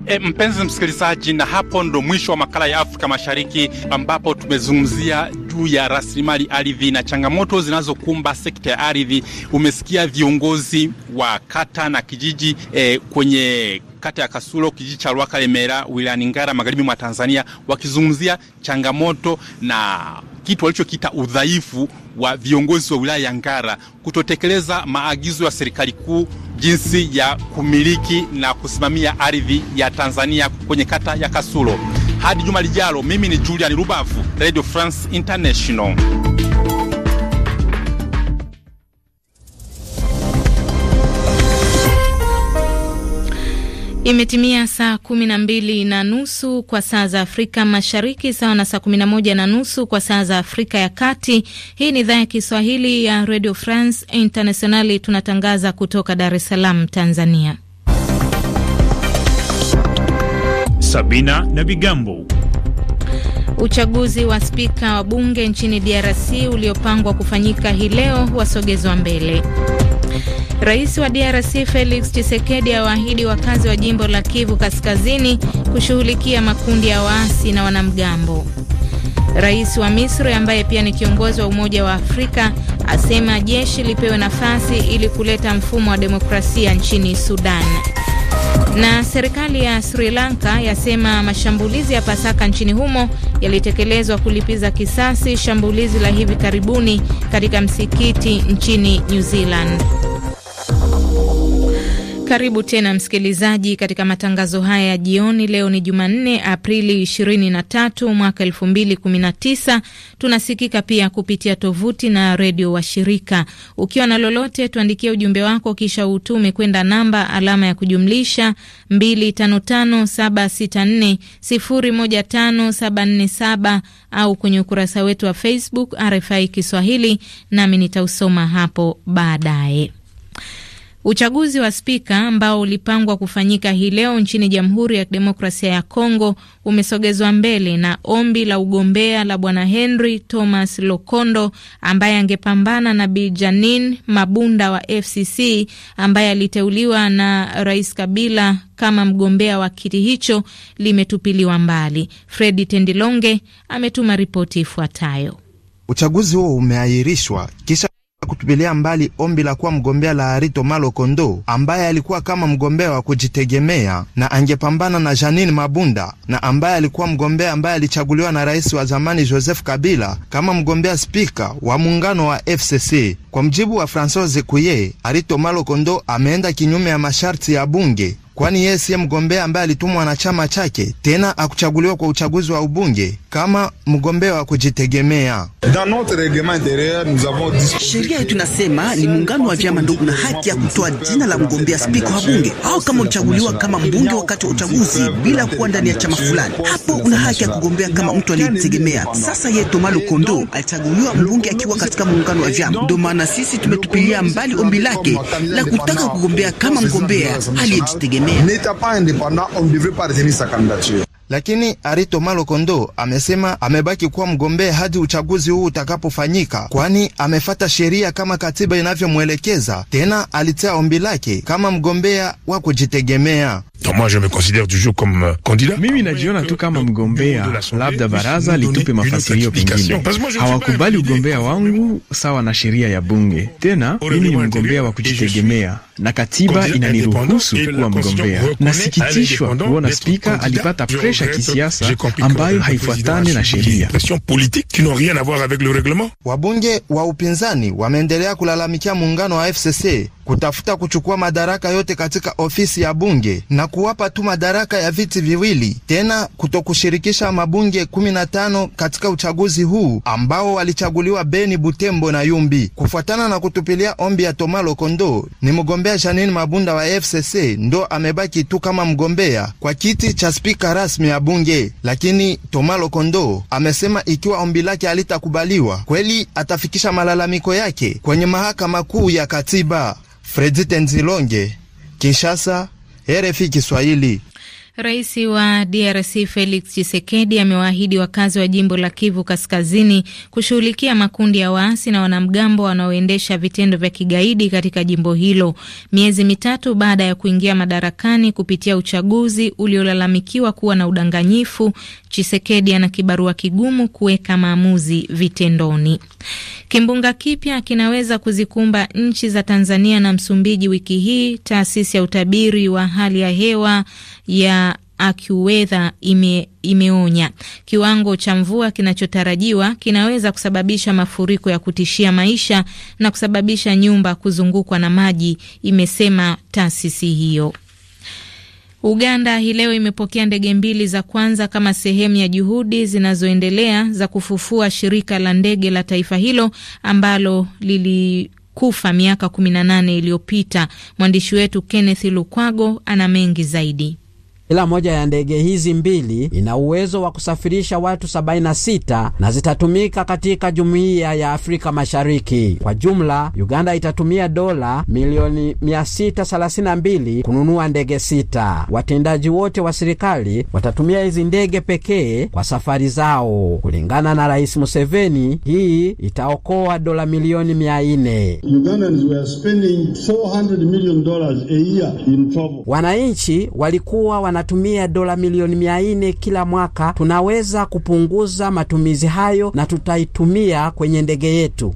E, mpenzi msikilizaji, na hapo ndo mwisho wa makala ya Afrika Mashariki ambapo tumezungumzia juu ya rasilimali ardhi na changamoto zinazokumba sekta ya ardhi. Umesikia viongozi wa kata na kijiji e, kwenye kata ya Kasulo, kijiji cha Rwakalemera, wilayani Ngara, magharibi mwa Tanzania, wakizungumzia changamoto na kitu walichokiita udhaifu wa viongozi wa wilaya ya Ngara kutotekeleza maagizo ya serikali kuu jinsi ya kumiliki na kusimamia ardhi ya Tanzania kwenye kata ya Kasulo. Hadi juma lijalo, mimi ni Julian Rubavu, Radio France International. Imetimia saa kumi na mbili na nusu kwa saa za Afrika Mashariki, sawa na saa kumi na moja na nusu kwa saa za Afrika ya Kati. Hii ni idhaa ya Kiswahili ya Radio France Internationali, tunatangaza kutoka Dar es Salaam, Tanzania. Sabina na Bigambo. Uchaguzi wa spika wa bunge nchini DRC uliopangwa kufanyika hii leo wasogezwa mbele. Rais wa DRC Felix Tshisekedi awaahidi wakazi wa jimbo la Kivu Kaskazini kushughulikia makundi ya waasi na wanamgambo. Rais wa Misri ambaye pia ni kiongozi wa Umoja wa Afrika asema jeshi lipewe nafasi ili kuleta mfumo wa demokrasia nchini Sudan. Na serikali ya Sri Lanka yasema mashambulizi ya Pasaka nchini humo yalitekelezwa kulipiza kisasi shambulizi la hivi karibuni katika msikiti nchini New Zealand. Karibu tena msikilizaji, katika matangazo haya ya jioni. Leo ni Jumanne, Aprili 23 mwaka 2019. Tunasikika pia kupitia tovuti na redio wa shirika Ukiwa na lolote, tuandikie ujumbe wako kisha utume kwenda namba alama ya kujumlisha 255764015747 au kwenye ukurasa wetu wa Facebook RFI Kiswahili, nami nitausoma hapo baadaye. Uchaguzi wa spika ambao ulipangwa kufanyika hii leo nchini Jamhuri ya Kidemokrasia ya Kongo umesogezwa mbele na ombi la ugombea la bwana Henry Thomas Lokondo ambaye angepambana na Bi Janin Mabunda wa FCC ambaye aliteuliwa na Rais Kabila kama mgombea wa kiti hicho limetupiliwa mbali. Fredi Tendilonge ametuma ripoti ifuatayo. Uchaguzi huo umeahirishwa kisha kutupilia mbali ombi la kuwa mgombea la Arito Malo Kondo ambaye alikuwa kama mgombea wa kujitegemea na angepambana na Janine Mabunda na ambaye alikuwa mgombea ambaye alichaguliwa na rais wa zamani Joseph Kabila kama mgombea spika wa muungano wa FCC. Kwa mjibu wa Francois Zekuye, Arito Malo Kondo ameenda kinyume ya masharti ya bunge kwani yeye siye mgombea ambaye alitumwa na chama chake, tena akuchaguliwa kwa uchaguzi wa ubunge kama mgombea wa kujitegemea. Sheria yetu inasema ni muungano wa vyama ndogo na haki ya kutoa jina la mgombea spika wa bunge au kama uchaguliwa kama mbunge wakati wa uchaguzi bila kuwa ndani ya chama fulani, hapo una haki ya kugombea kama mtu aliyejitegemea. Sasa yeye Tomalo Kondo alichaguliwa mbunge akiwa katika muungano wa vyama, ndio maana sisi tumetupilia mbali ombi lake la kutaka kugombea kama mgombea aliyejitegemea. retenir. N'étant pas indépendant, on ne devrait pas retenir sa candidature. lakini Arito Malokondo amesema amebaki kuwa mgombea hadi uchaguzi huu utakapofanyika, kwani amefata sheria kama katiba inavyomwelekeza. Tena alitia ombi lake kama mgombea wa kujitegemea. Euh, mimi najiona tu kama mgombea, labda baraza litupe mafasirio. Pengine hawakubali ugombea wangu sawa na sheria ya bunge. Tena mimi ni mgombea wa kujitegemea na katiba inaniruhusu kuwa mgombea. Nasikitishwa kuona spika alipata presha kuendesha kisiasa ambayo haifuatani na sheria. Wabunge wa upinzani wameendelea kulalamikia muungano wa FCC kutafuta kuchukua madaraka yote katika ofisi ya bunge na kuwapa tu madaraka ya viti viwili, tena kutokushirikisha mabunge 15 katika uchaguzi huu ambao walichaguliwa Beni, Butembo na Yumbi. Kufuatana na kutupilia ombi ya Tomalo Kondo, ni mgombea Janine Mabunda wa FCC ndo amebaki tu kama mgombea kwa kiti cha spika rasmi ya bunge, lakini Tomalo Kondo amesema ikiwa ombi lake halitakubaliwa kweli atafikisha malalamiko yake kwenye mahakama kuu ya katiba. Fredi Tenzilonge, Kinshasa, RFI Kiswahili. Rais wa DRC Felix Tshisekedi amewaahidi wakazi wa jimbo la Kivu Kaskazini kushughulikia makundi ya waasi na wanamgambo wanaoendesha vitendo vya kigaidi katika jimbo hilo, miezi mitatu baada ya kuingia madarakani kupitia uchaguzi uliolalamikiwa kuwa na udanganyifu. chisekedi ana kibarua kigumu kuweka maamuzi vitendoni. Kimbunga kipya kinaweza kuzikumba nchi za Tanzania na Msumbiji wiki hii, taasisi ya utabiri wa hali ya hewa ya akiweza ime, imeonya kiwango cha mvua kinachotarajiwa kinaweza kusababisha mafuriko ya kutishia maisha na kusababisha nyumba kuzungukwa na maji, imesema taasisi hiyo. Uganda hii leo imepokea ndege mbili za kwanza kama sehemu ya juhudi zinazoendelea za kufufua shirika la ndege la taifa hilo ambalo lili kufa miaka 18 iliyopita. Mwandishi wetu Kenneth Lukwago ana mengi zaidi. Kila moja ya ndege hizi mbili ina uwezo wa kusafirisha watu 76 na zitatumika katika jumuiya ya Afrika Mashariki. Kwa jumla, Uganda itatumia dola milioni 632 kununua ndege sita. Watendaji wote wa serikali watatumia hizi ndege pekee kwa safari zao. Kulingana na Rais Museveni, hii itaokoa dola milioni 400. Wananchi walikuwa wana tunatumia dola milioni mia nne kila mwaka, tunaweza kupunguza matumizi hayo na tutaitumia kwenye ndege yetu.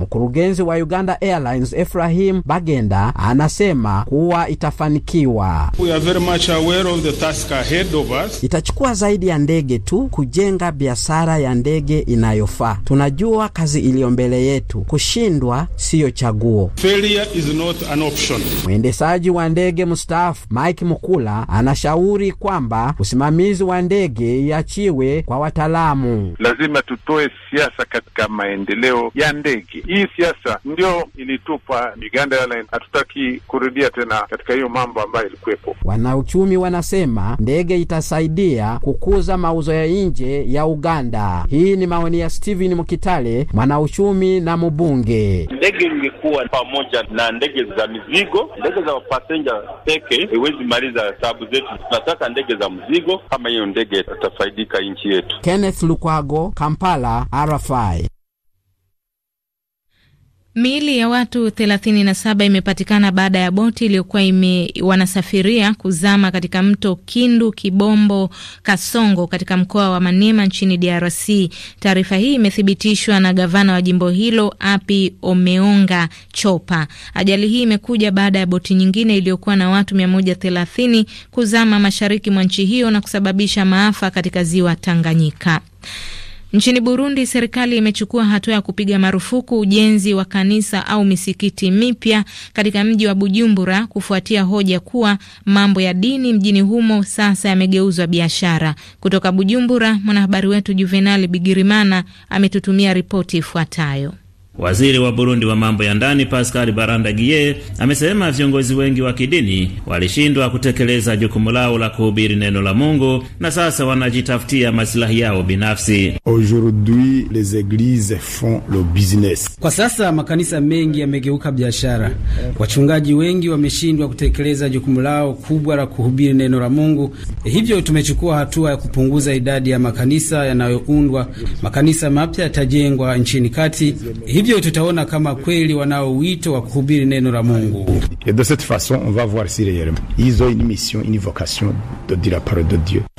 Mkurugenzi wa Uganda Airlines Efrahim Bagenda anasema kuwa itafanikiwa. We are very much aware of the task ahead of us. Itachukua zaidi ya ndege tu kujenga biashara ya ndege inayofaa. Tunajua kazi iliyo mbele yetu, kushindwa siyo chaguo. Failure is not an option. wa ndege mstaafu Mike Mukula anashauri kwamba usimamizi wa ndege iachiwe kwa wataalamu. Lazima tutoe siasa katika maendeleo ya ndege. Hii siasa ndio ilitupa Uganda Airlines, hatutaki kurudia tena katika hiyo mambo ambayo ilikuwepo. Wanauchumi wanasema ndege itasaidia kukuza mauzo ya nje ya Uganda. Hii ni maoni ya Steven mkitale mwanauchumi na mbunge. Ndege ingekuwa pamoja na ndege za mizigo, ndege za passenger kiwanja peke iwezi maliza sababu zetu. Tunataka ndege za mzigo, kama hiyo ndege itafaidika nchi yetu. Kenneth Lukwago, Kampala, RFI. Miili ya watu 37 imepatikana baada ya boti iliyokuwa wanasafiria kuzama katika mto Kindu Kibombo Kasongo katika mkoa wa manema nchini DRC. Taarifa hii imethibitishwa na gavana wa jimbo hilo Api Omeonga Chopa. Ajali hii imekuja baada ya boti nyingine iliyokuwa na watu 130 kuzama mashariki mwa nchi hiyo na kusababisha maafa katika ziwa Tanganyika. Nchini Burundi, serikali imechukua hatua ya kupiga marufuku ujenzi wa kanisa au misikiti mipya katika mji wa Bujumbura kufuatia hoja kuwa mambo ya dini mjini humo sasa yamegeuzwa biashara. Kutoka Bujumbura, mwanahabari wetu Juvenali Bigirimana ametutumia ripoti ifuatayo. Waziri wa Burundi wa mambo ya ndani Pascal Barandagiye amesema viongozi wengi wa kidini walishindwa kutekeleza jukumu lao la kuhubiri neno la Mungu na sasa wanajitafutia masilahi yao binafsi. Aujourd'hui les eglises font le business. Kwa sasa makanisa mengi yamegeuka biashara. Wachungaji wengi wameshindwa kutekeleza jukumu lao kubwa la kuhubiri neno la Mungu. E, Hivyo tumechukua hatua ya kupunguza idadi ya makanisa yanayoundwa. Makanisa mapya yatajengwa nchini kati. E, hivyo tutaona kama kweli wanao wito wa kuhubiri neno la Mungu.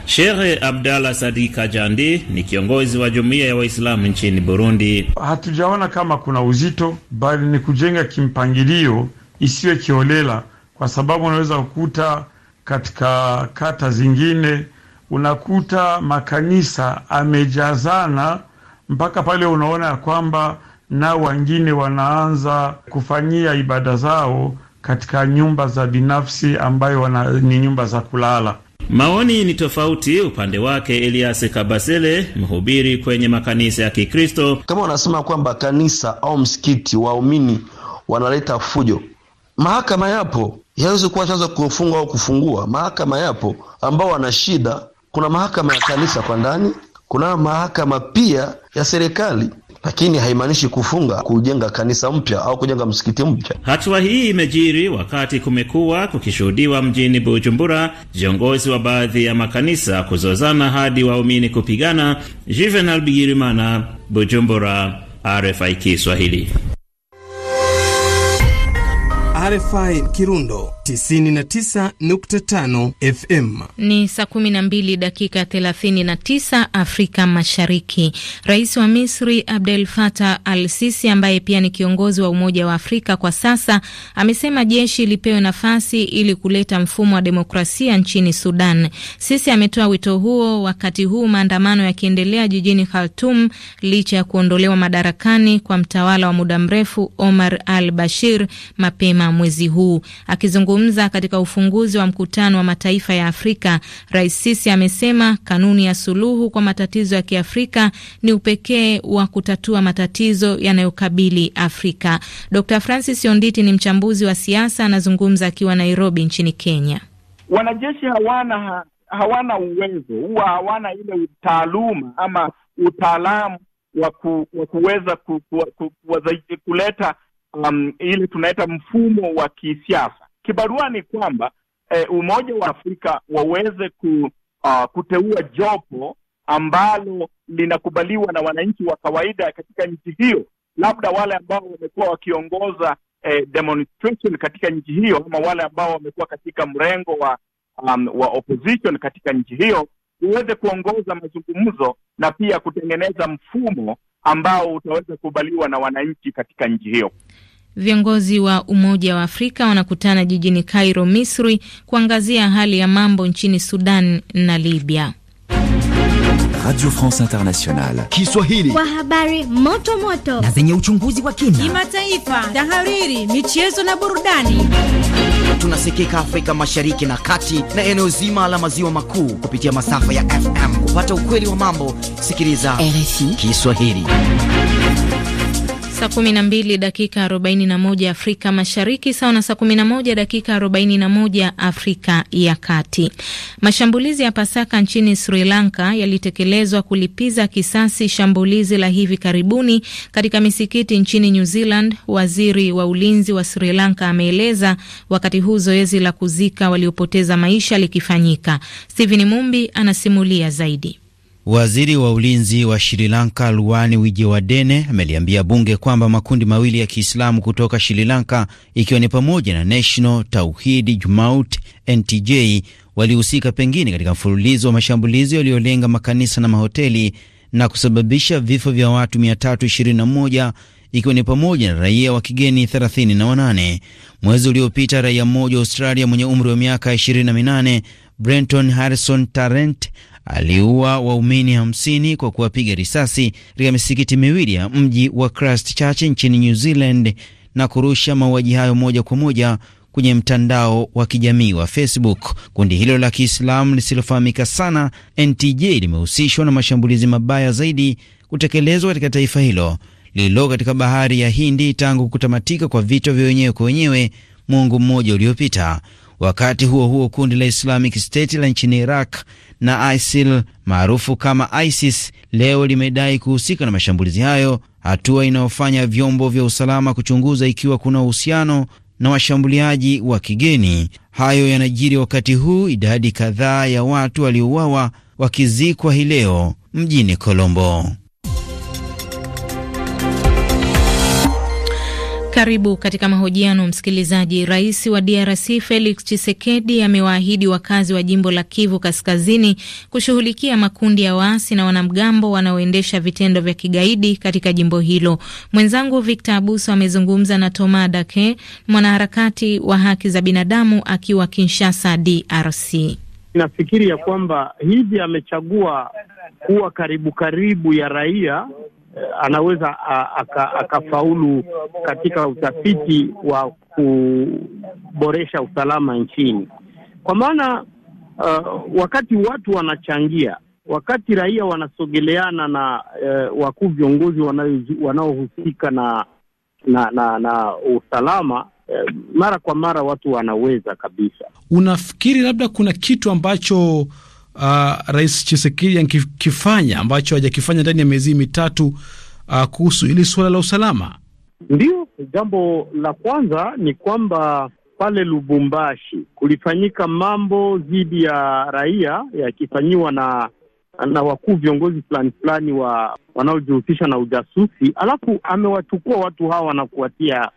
Sheikh Abdallah Sadika Jandi ni kiongozi wa jumuiya ya Waislamu nchini Burundi. Hatujaona kama kuna uzito, bali ni kujenga kimpangilio, isiwe kiolela, kwa sababu unaweza kukuta katika kata zingine unakuta makanisa amejazana mpaka pale unaona ya kwamba na wengine wanaanza kufanyia ibada zao katika nyumba za binafsi ambayo wana, ni nyumba za kulala. Maoni ni tofauti. Upande wake Elias Kabasele, mhubiri kwenye makanisa ya Kikristo, kama wanasema kwamba kanisa au msikiti waumini wanaleta fujo, mahakama yapo, yawezi kuwa chanzo kufunga au kufungua. Mahakama yapo ambao wana shida. Kuna mahakama ya kanisa kwa ndani, kuna mahakama pia ya serikali lakini haimaanishi kufunga kujenga kanisa mpya au kujenga msikiti mpya. Hatua hii imejiri wakati kumekuwa kukishuhudiwa mjini Bujumbura viongozi wa baadhi ya makanisa kuzozana hadi waumini kupigana. Juvenal Bigirimana, Bujumbura, RFI Kiswahili. RFI Kirundo 99.5 FM. Ni saa 12 dakika 39 Afrika Mashariki. Rais wa Misri Abdel Fattah al-Sisi ambaye pia ni kiongozi wa Umoja wa Afrika kwa sasa amesema jeshi lipewe nafasi ili kuleta mfumo wa demokrasia nchini Sudan. Sisi ametoa wito huo wakati huu maandamano yakiendelea jijini Khartoum licha ya kuondolewa madarakani kwa mtawala wa muda mrefu Omar al-Bashir mapema mwezi huu. Akizungumza Akizungumza katika ufunguzi wa mkutano wa mataifa ya Afrika, Rais Sisi amesema kanuni ya suluhu kwa matatizo ya Kiafrika ni upekee wa kutatua matatizo yanayokabili Afrika. Dr Francis Onditi ni mchambuzi wa siasa, anazungumza akiwa Nairobi nchini Kenya. Wanajeshi hawana hawana uwezo huwa hawana ile utaaluma ama utaalamu wa ku, kuweza ku, ku, ku, kuleta um, ile tunaita mfumo wa kisiasa Kibarua ni kwamba eh, Umoja wa Afrika waweze ku, uh, kuteua jopo ambalo linakubaliwa na wananchi wa kawaida katika nchi hiyo, labda wale ambao wamekuwa wakiongoza eh, demonstration katika nchi hiyo ama wale ambao wamekuwa katika mrengo wa, um, wa opposition katika nchi hiyo uweze kuongoza mazungumzo na pia kutengeneza mfumo ambao utaweza kukubaliwa na wananchi katika nchi hiyo. Viongozi wa Umoja wa Afrika wanakutana jijini Cairo, Misri, kuangazia hali ya mambo nchini Sudan na Libya. Radio France Internationale Kiswahili kwa habari moto moto na zenye uchunguzi wa kina, kimataifa, tahariri, michezo na burudani. Tunasikika Afrika Mashariki na Kati na eneo zima la maziwa makuu kupitia masafa ya FM. Kupata ukweli wa mambo, sikiliza RFI Kiswahili. Saa mbili dakika moja Afrika Mashariki, sawa na saa moja dakika 41 Afrika ya Kati. Mashambulizi ya Pasaka nchini Sri Lanka yalitekelezwa kulipiza kisasi shambulizi la hivi karibuni katika misikiti nchini New Zealand, waziri wa ulinzi wa Sri Lanka ameeleza, wakati huu zoezi la kuzika waliopoteza maisha likifanyika. Stephen Mumbi anasimulia zaidi. Waziri wa ulinzi wa Sri Lanka Luwani Wijewadene ameliambia bunge kwamba makundi mawili ya Kiislamu kutoka Sri Lanka ikiwa ni pamoja na National Tauhidi Jumaut NTJ walihusika pengine katika mfululizo wa mashambulizi yaliyolenga makanisa na mahoteli na kusababisha vifo vya watu 321 ikiwa ni pamoja na raia wa kigeni 38. Mwezi uliopita raia mmoja wa Australia mwenye umri wa miaka 28 Brenton Harrison Tarrant aliua waumini hamsini kwa kuwapiga risasi katika misikiti miwili ya mji wa Christchurch nchini New Zealand na kurusha mauaji hayo moja kwa moja kwenye mtandao wa kijamii wa Facebook. Kundi hilo la Kiislamu lisilofahamika sana NTJ limehusishwa na mashambulizi mabaya zaidi kutekelezwa katika taifa hilo lililo katika bahari ya Hindi tangu kutamatika kwa vita vya wenyewe kwa wenyewe muongo mmoja uliopita. Wakati huo huo, kundi la Islamic State la nchini Iraq na ISIL maarufu kama ISIS leo limedai kuhusika na mashambulizi hayo, hatua inayofanya vyombo vya usalama kuchunguza ikiwa kuna uhusiano na washambuliaji wa kigeni. Hayo yanajiri wakati huu idadi kadhaa ya watu waliouawa wakizikwa hii leo mjini Colombo. Karibu katika mahojiano msikilizaji. Rais wa DRC Felix Tshisekedi amewaahidi wakazi wa jimbo la Kivu Kaskazini kushughulikia makundi ya waasi na wanamgambo wanaoendesha vitendo vya kigaidi katika jimbo hilo. Mwenzangu Victor Abuso amezungumza na Toma Dake, mwanaharakati wa haki za binadamu akiwa Kinshasa, DRC. Nafikiri ya kwamba hivi amechagua kuwa karibu karibu ya raia anaweza akafaulu katika utafiti wa kuboresha usalama nchini, kwa maana uh, wakati watu wanachangia, wakati raia wanasogeleana na uh, wakuu viongozi wanaohusika na na na na usalama e, mara kwa mara watu wanaweza kabisa. Unafikiri labda kuna kitu ambacho uh, Rais Chisekedi akifanya ambacho hajakifanya ndani ya miezi mitatu uh, kuhusu hili suala la usalama? Ndio, jambo la kwanza ni kwamba pale Lubumbashi kulifanyika mambo dhidi ya raia yakifanyiwa na na wakuu viongozi fulani fulani wa wanaojihusisha na ujasusi, alafu amewachukua watu hawa na kuwatia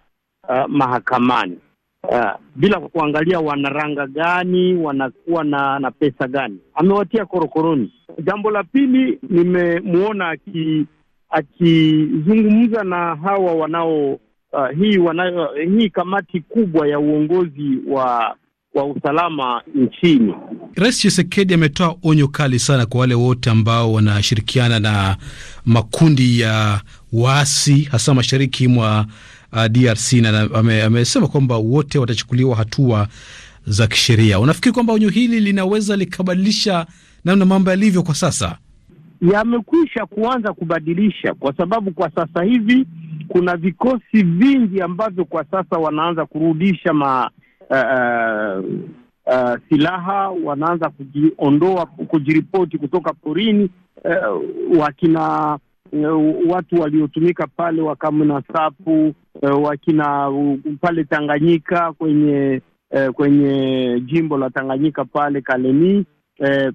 uh, mahakamani uh, bila kuangalia wanaranga gani, wanakuwa na na pesa gani, amewatia korokoroni. Jambo la pili, nimemwona akizungumza aki na hawa wanao Uh, hii wanayo, hii kamati kubwa ya uongozi wa wa usalama nchini. Rais chisekedi ametoa onyo kali sana kwa wale wote ambao wanashirikiana na makundi ya waasi hasa mashariki mwa uh, DRC na amesema ame kwamba wote watachukuliwa hatua za kisheria. Unafikiri kwamba onyo hili linaweza likabadilisha namna mambo yalivyo kwa sasa? Yamekwisha kuanza kubadilisha, kwa sababu kwa sasa hivi kuna vikosi vingi ambavyo kwa sasa wanaanza kurudisha ma uh, uh, uh silaha, wanaanza kujiondoa, kujiripoti kutoka porini. Uh, wakina Eh, watu waliotumika pale wakamnasapu eh, wakina pale Tanganyika kwenye eh, kwenye jimbo la Tanganyika pale Kalemi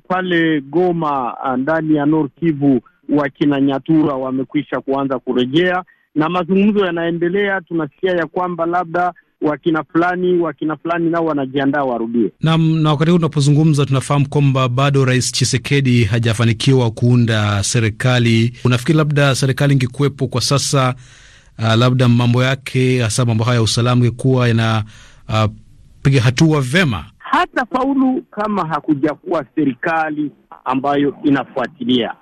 pale Goma ah, ndani ya nor Kivu wakina Nyatura wamekwisha kuanza kurejea na mazungumzo yanaendelea. Tunasikia ya kwamba labda wakina fulani wakina fulani nao wanajiandaa warudie. Na, Na wakati huu tunapozungumza, tunafahamu kwamba bado Rais Chisekedi hajafanikiwa kuunda serikali. Unafikiri labda serikali ingekuwepo kwa sasa, uh, labda mambo yake hasa mambo haya ya usalama ingekuwa yanapiga uh, hatua vema Hata faulu kama hakujakuwa serikali ambayo inafuatilia.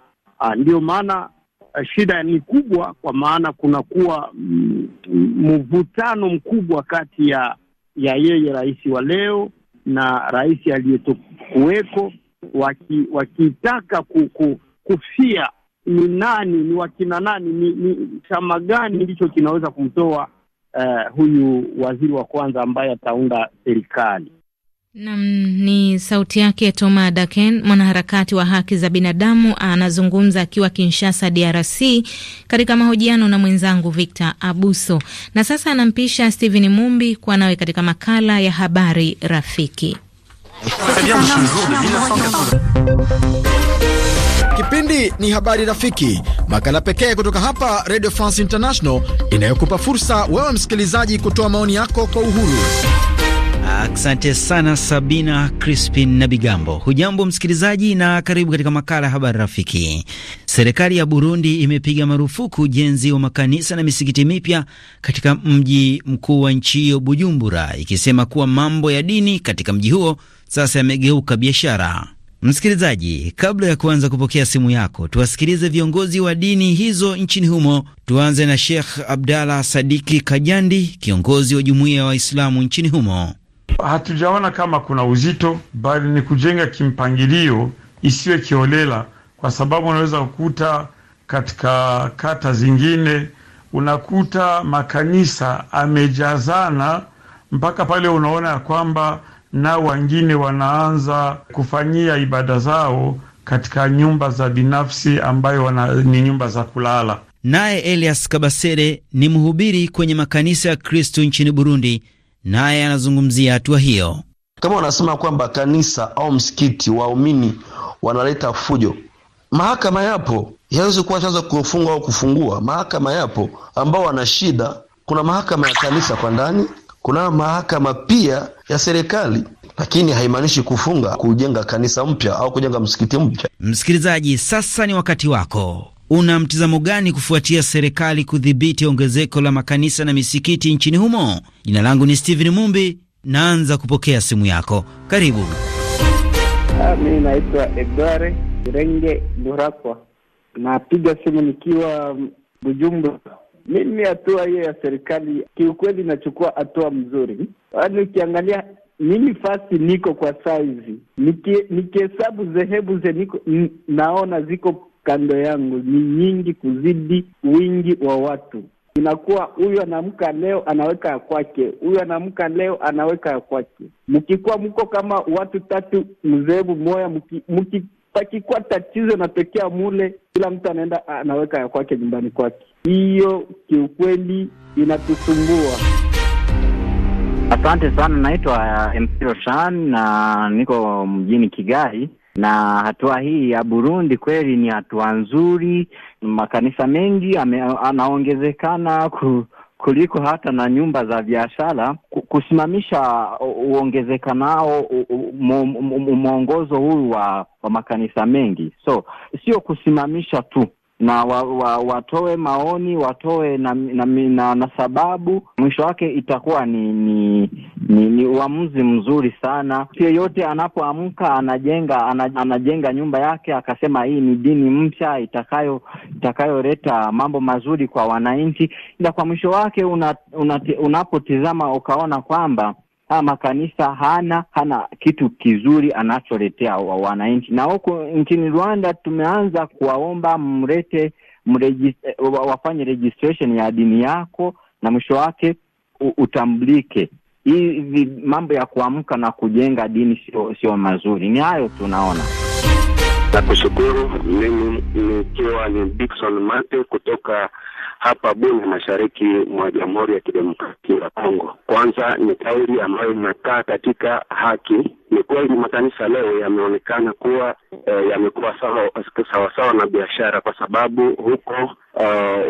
Uh, maana Eh, shida ni kubwa, kwa maana kunakuwa mm, mvutano mkubwa kati ya ya yeye rais wa leo na rais aliyekuweko, wakitaka waki ku, kufia ni nani, ni wakina nani, ni, ni chama gani ndicho kinaweza kumtoa uh, huyu waziri wa kwanza ambaye ataunda serikali. Nam ni sauti yake Toma Daken, mwanaharakati wa haki za binadamu, anazungumza akiwa Kinshasa, DRC, katika mahojiano na mwenzangu Victor Abuso. Na sasa anampisha Stephen Mumbi kuwa nawe katika makala ya habari rafiki. Kipindi ni habari rafiki, makala pekee kutoka hapa Radio France International inayokupa fursa wewe msikilizaji kutoa maoni yako kwa uhuru. Asante sana Sabina Crispin na Bigambo. Hujambo msikilizaji, na karibu katika makala ya habari rafiki. Serikali ya Burundi imepiga marufuku ujenzi wa makanisa na misikiti mipya katika mji mkuu wa nchi hiyo Bujumbura, ikisema kuwa mambo ya dini katika mji huo sasa yamegeuka biashara. Msikilizaji, kabla ya kuanza kupokea simu yako, tuwasikilize viongozi wa dini hizo nchini humo. Tuanze na Sheikh Abdallah Sadiki Kajandi, kiongozi wa jumuiya ya Waislamu nchini humo. Hatujaona kama kuna uzito, bali ni kujenga kimpangilio, isiwe kiolela, kwa sababu unaweza kukuta katika kata zingine unakuta makanisa amejazana mpaka pale unaona ya kwamba nao wengine wanaanza kufanyia ibada zao katika nyumba za binafsi ambayo wana, ni nyumba za kulala. Naye Elias Kabasere ni mhubiri kwenye makanisa ya Kristo nchini Burundi naye anazungumzia hatua hiyo. Kama wanasema kwamba kanisa au msikiti waumini wanaleta fujo, mahakama yapo, yawezi kuwa chanzo kufungwa au kufungua. Mahakama yapo ambao wana shida. Kuna mahakama ya kanisa kwa ndani, kuna mahakama pia ya serikali, lakini haimaanishi kufunga, kujenga kanisa mpya au kujenga msikiti mpya. Msikilizaji, sasa ni wakati wako una mtizamo gani kufuatia serikali kudhibiti ongezeko la makanisa na misikiti nchini humo? Jina langu ni Steven Mumbi, naanza kupokea simu yako. Karibu. Ah, Mi naitwa Edware Renge Burakwa, napiga simu nikiwa Bujumbura. Mimi hatua hiyo ya serikali kiukweli inachukua hatua mzuri, yaani ah, ukiangalia mimi fasi niko kwa saizi, nikihesabu niki zehebu ze niko, naona ziko kando yangu ni nyingi kuzidi wingi wa watu. Inakuwa huyu anaamka leo anaweka ya kwake, huyu anaamka leo anaweka ya kwake. Mkikuwa mko kama watu tatu mzeebu moya, pakikuwa tatizo inatokea mule, kila mtu anaenda anaweka ya kwake nyumbani kwake. Hiyo kiukweli inatusumbua. Asante sana, naitwa eh, Mpiro Shan na niko mjini Kigali na hatua hii ya Burundi kweli ni hatua nzuri. Makanisa mengi anaongezekana ku, kuliko hata na nyumba za biashara. Kusimamisha uongezekanao mwongozo huu wa, wa makanisa mengi, so sio kusimamisha tu na wa, wa, watoe maoni watoe na, na, na, na sababu. Mwisho wake itakuwa ni ni, ni, ni uamuzi mzuri sana. Yeyote anapoamka anajenga anajenga nyumba yake akasema hii ni dini mpya itakayo itakayoleta mambo mazuri kwa wananchi, ila kwa mwisho wake una, una, unapotizama ukaona kwamba ama kanisa hana hana kitu kizuri anacholetea wa wananchi. Na huko nchini Rwanda tumeanza kuwaomba mlete eh, wafanye registration ya dini yako na mwisho wake utambulike. Hivi mambo ya kuamka na kujenga dini sio sio mazuri. Ni hayo tunaona. Nakushukuru. Mimi nikiwa ni Dickson Mate kutoka hapa Buni, mashariki mwa Jamhuri ya Kidemokrasia ya Kongo. Kwanza ni kauli ambayo inakaa katika haki. Ni kweli makanisa leo yameonekana kuwa e, yamekuwa sawasawa sawa na biashara, kwa sababu huko e,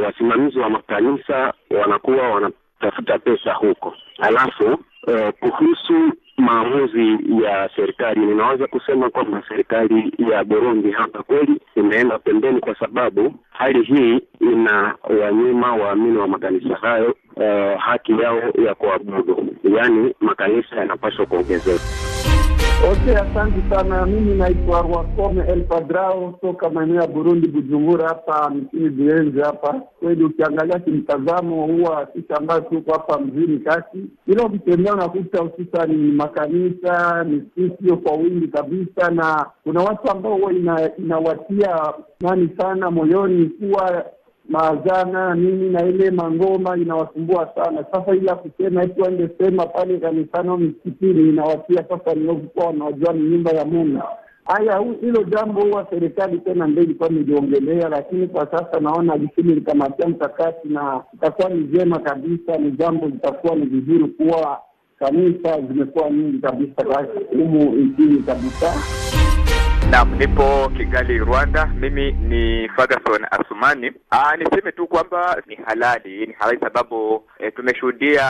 wasimamizi wa makanisa wanakuwa wanatafuta pesa huko, alafu e, kuhusu maamuzi ya serikali, ninaweza kusema kwamba serikali ya Burundi hapa kweli imeenda pembeni, kwa sababu hali hii ina wanyima waamini wa makanisa hayo uh, haki yao ya kuabudu, yaani makanisa yanapaswa kuongezeka. Okay, asante sana. Mimi naitwa Rwakome El Padrao toka maeneo ya Burundi, Bujumbura hapa mjini Buyenzi hapa. Kweli ukiangalia kimtazamo, huwa sisi ambayo tuko hapa mjini kati, ila ukitembea unakuta hususani makanisa misisio kwa wingi kabisa, na kuna watu ambao huwa inawatia ina nani sana moyoni kuwa maazana nini na ile mangoma inawasumbua sana. Sasa ila kusema waende sema pale kanisana au misikitini, inawatia sasa niokuwa wanaojua ni nyumba ya Mungu. Haya, hilo jambo huwa serikali tena ndio ilikuwa imejiongelea lakini kwa sasa naona jisini likamatia mkakati na itakuwa ni vyema kabisa, ni jambo litakuwa ni vizuri kuwa kanisa zimekuwa nyingi kabisa humu nchini kabisa. Naam, nipo Kigali, Rwanda. Mimi ni Ferguson Asumani. Aa, ah, niseme tu kwamba ni halali, ni halali sababu e, tumeshuhudia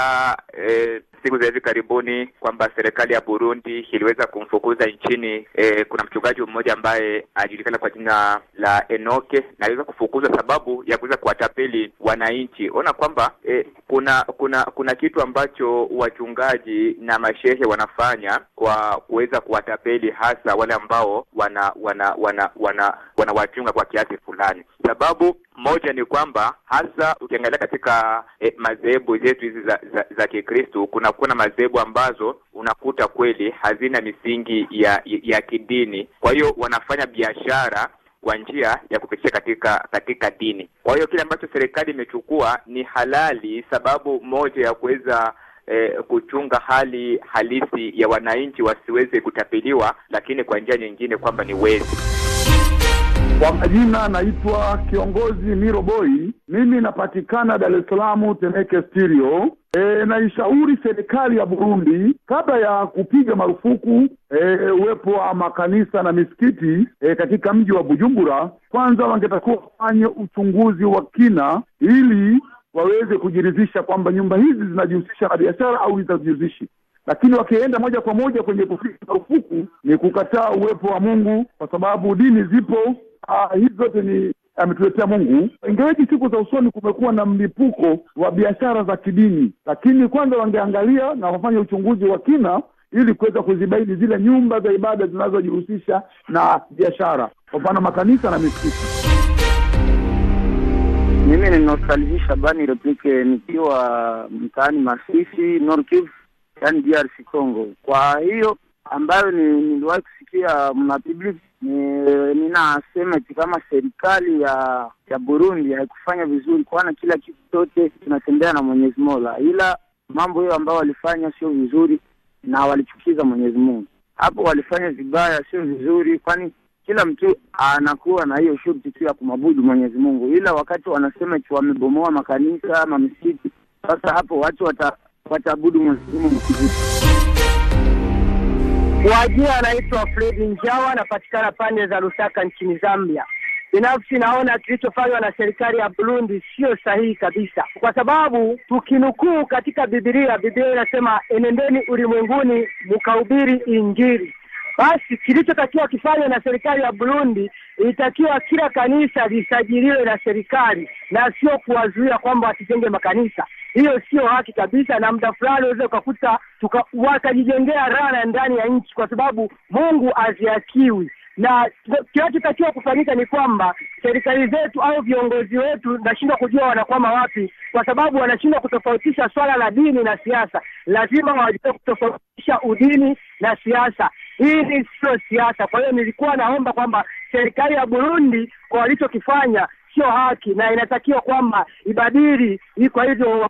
e, siku za hivi karibuni kwamba serikali ya Burundi iliweza kumfukuza nchini e, kuna mchungaji mmoja ambaye anajulikana kwa jina la Enoke na aliweza kufukuzwa sababu ya kuweza kuwatapeli wananchi. Ona kwamba e, kuna kuna kuna kitu ambacho wachungaji na mashehe wanafanya kwa kuweza kuwatapeli hasa wale ambao wana wana wana wana wanawachunga wana kwa kiasi fulani sababu moja ni kwamba hasa ukiangalia katika eh, madhehebu zetu hizi za, za, za Kikristo kuna kuna madhehebu ambazo unakuta kweli hazina misingi ya ya kidini, kwa hiyo wanafanya biashara kwa njia ya kupitisha katika katika dini. Kwa hiyo kile ambacho serikali imechukua ni halali, sababu moja ya kuweza eh, kuchunga hali halisi ya wananchi wasiweze kutapiliwa lakini kwa njia nyingine kwamba ni wezi kwa majina naitwa kiongozi Miro boi mimi napatikana Dar es Salaam Temeke stirio E, naishauri serikali ya Burundi kabla ya kupiga marufuku e, uwepo wa makanisa na misikiti e, katika mji wa Bujumbura, kwanza wangetakiwa wafanye uchunguzi wa kina ili waweze kujiridhisha kwamba nyumba hizi zinajihusisha na biashara au hazijihusishi lakini wakienda moja kwa moja kwenye kupiga marufuku ni kukataa uwepo wa Mungu, kwa sababu dini zipo, uh, hizi zote ni ametuletea Mungu. Ingawaji siku za usoni kumekuwa na mlipuko wa biashara za kidini, lakini kwanza wangeangalia na wafanya uchunguzi wa kina ili kuweza kuzibaini zile nyumba za ibada zinazojihusisha na biashara, kwa mfano makanisa na misikiti. Mimi ni Nostalgie Shabani Replike nikiwa mtaani Masisi, Nord Kivu, yani DRC Congo. Kwa hiyo ambayo ni niliwahi kusikia mnapublic ninasema eti kama serikali ya ya Burundi haikufanya vizuri, kwana kila kitu chote tunatembea na Mwenyezi Mola, ila mambo hiyo ambayo walifanya sio vizuri na walichukiza Mwenyezi Mungu. Hapo walifanya vibaya, sio vizuri, kwani kila mtu anakuwa na hiyo shurti tu ya kumabudu Mwenyezi Mungu, ila wakati wanasema eti wamebomoa makanisa ama misiti sasa hapo watu wata wataabudu Mwenyezi Mungu kivipi? Kwa anaitwa Fredi Njawa, anapatikana pande za Lusaka nchini Zambia. Binafsi naona kilichofanywa na serikali ya Burundi sio sahihi kabisa, kwa sababu tukinukuu katika Biblia, Biblia inasema enendeni ulimwenguni mkahubiri Injili. Basi kilichotakiwa kifanywe na serikali ya Burundi, ilitakiwa kila kanisa lisajiliwe na serikali na sio kuwazuia kwamba wasijenge makanisa hiyo sio haki kabisa, na mda fulani unaweza ukakuta wakajijengea rana ndani ya nchi, kwa sababu Mungu aziakiwi na kinachotakiwa kufanyika ni kwamba serikali zetu au viongozi wetu nashindwa kujua wanakwama wapi, kwa sababu wanashindwa kutofautisha swala la dini na siasa. Lazima wajue kutofautisha udini na siasa. Hii ni sio siasa. Kwa hiyo nilikuwa naomba kwamba serikali ya Burundi kwa walichokifanya sio haki, na inatakiwa kwamba ibadili. Kwa hivyo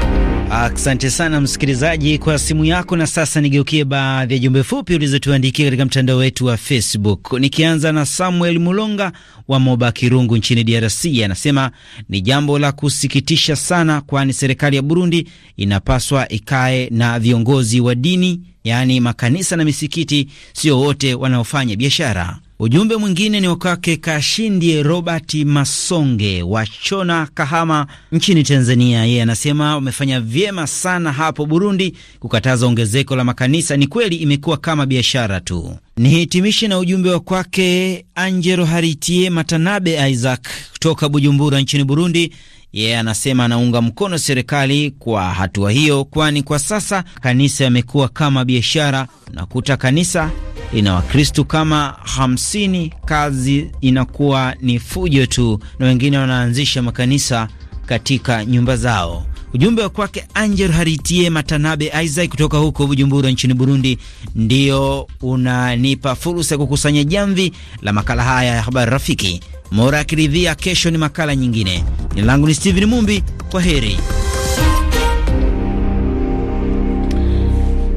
Asante sana msikilizaji kwa simu yako, na sasa nigeukie baadhi ya jumbe fupi ulizotuandikia katika mtandao wetu wa Facebook, nikianza na Samuel Mulonga wa Moba Kirungu nchini DRC. Anasema ni jambo la kusikitisha sana, kwani serikali ya Burundi inapaswa ikae na viongozi wa dini, yaani makanisa na misikiti, sio wote wanaofanya biashara. Ujumbe mwingine ni wakwake Kashindie Robert Masonge wa Chona, Kahama nchini Tanzania. Yeye anasema wamefanya vyema sana hapo Burundi kukataza ongezeko la makanisa, ni kweli imekuwa kama biashara tu. Nihitimishe na ujumbe wa kwake Angelo Haritie Matanabe Isaac kutoka Bujumbura nchini Burundi yeye yeah, anasema anaunga mkono serikali kwa hatua hiyo, kwani kwa sasa kanisa yamekuwa kama biashara. Unakuta kanisa lina Wakristu kama 50 kazi inakuwa ni fujo tu, na wengine wanaanzisha makanisa katika nyumba zao. Ujumbe wa kwake Angel Haritie Matanabe Isaac kutoka huko Bujumbura nchini Burundi ndio unanipa fursa ya kukusanya jamvi la makala haya ya habari rafiki. Mora akiridhia, kesho ni makala nyingine. Jina langu ni Steven Mumbi, kwa heri.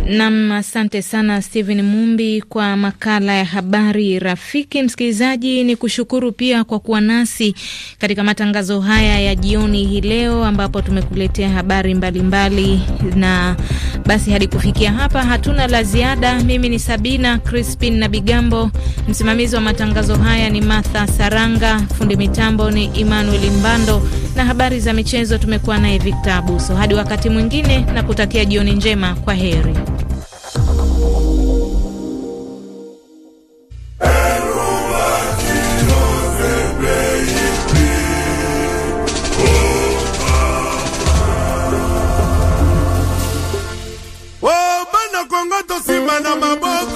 Nam, asante sana Stephen Mumbi kwa makala ya habari rafiki. Msikilizaji, ni kushukuru pia kwa kuwa nasi katika matangazo haya ya jioni hii leo, ambapo tumekuletea habari mbalimbali mbali. Na basi hadi kufikia hapa, hatuna la ziada. Mimi ni Sabina Crispin na Bigambo, msimamizi wa matangazo haya ni Martha Saranga, fundi mitambo ni Emmanuel Mbando na habari za michezo tumekuwa naye Victor Abuso. Hadi wakati mwingine, na kutakia jioni njema, kwa heri. Kongo tosima na maboko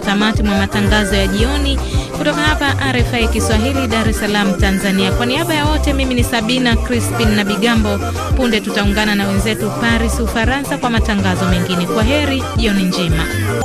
tunakamilisha tamati mwa matangazo ya jioni kutoka hapa RFI Kiswahili, Dar es Salaam, Tanzania. Kwa niaba ya wote, mimi ni Sabina Crispin na Bigambo. Punde tutaungana na wenzetu Paris, Ufaransa, kwa matangazo mengine. Kwa heri, jioni njema.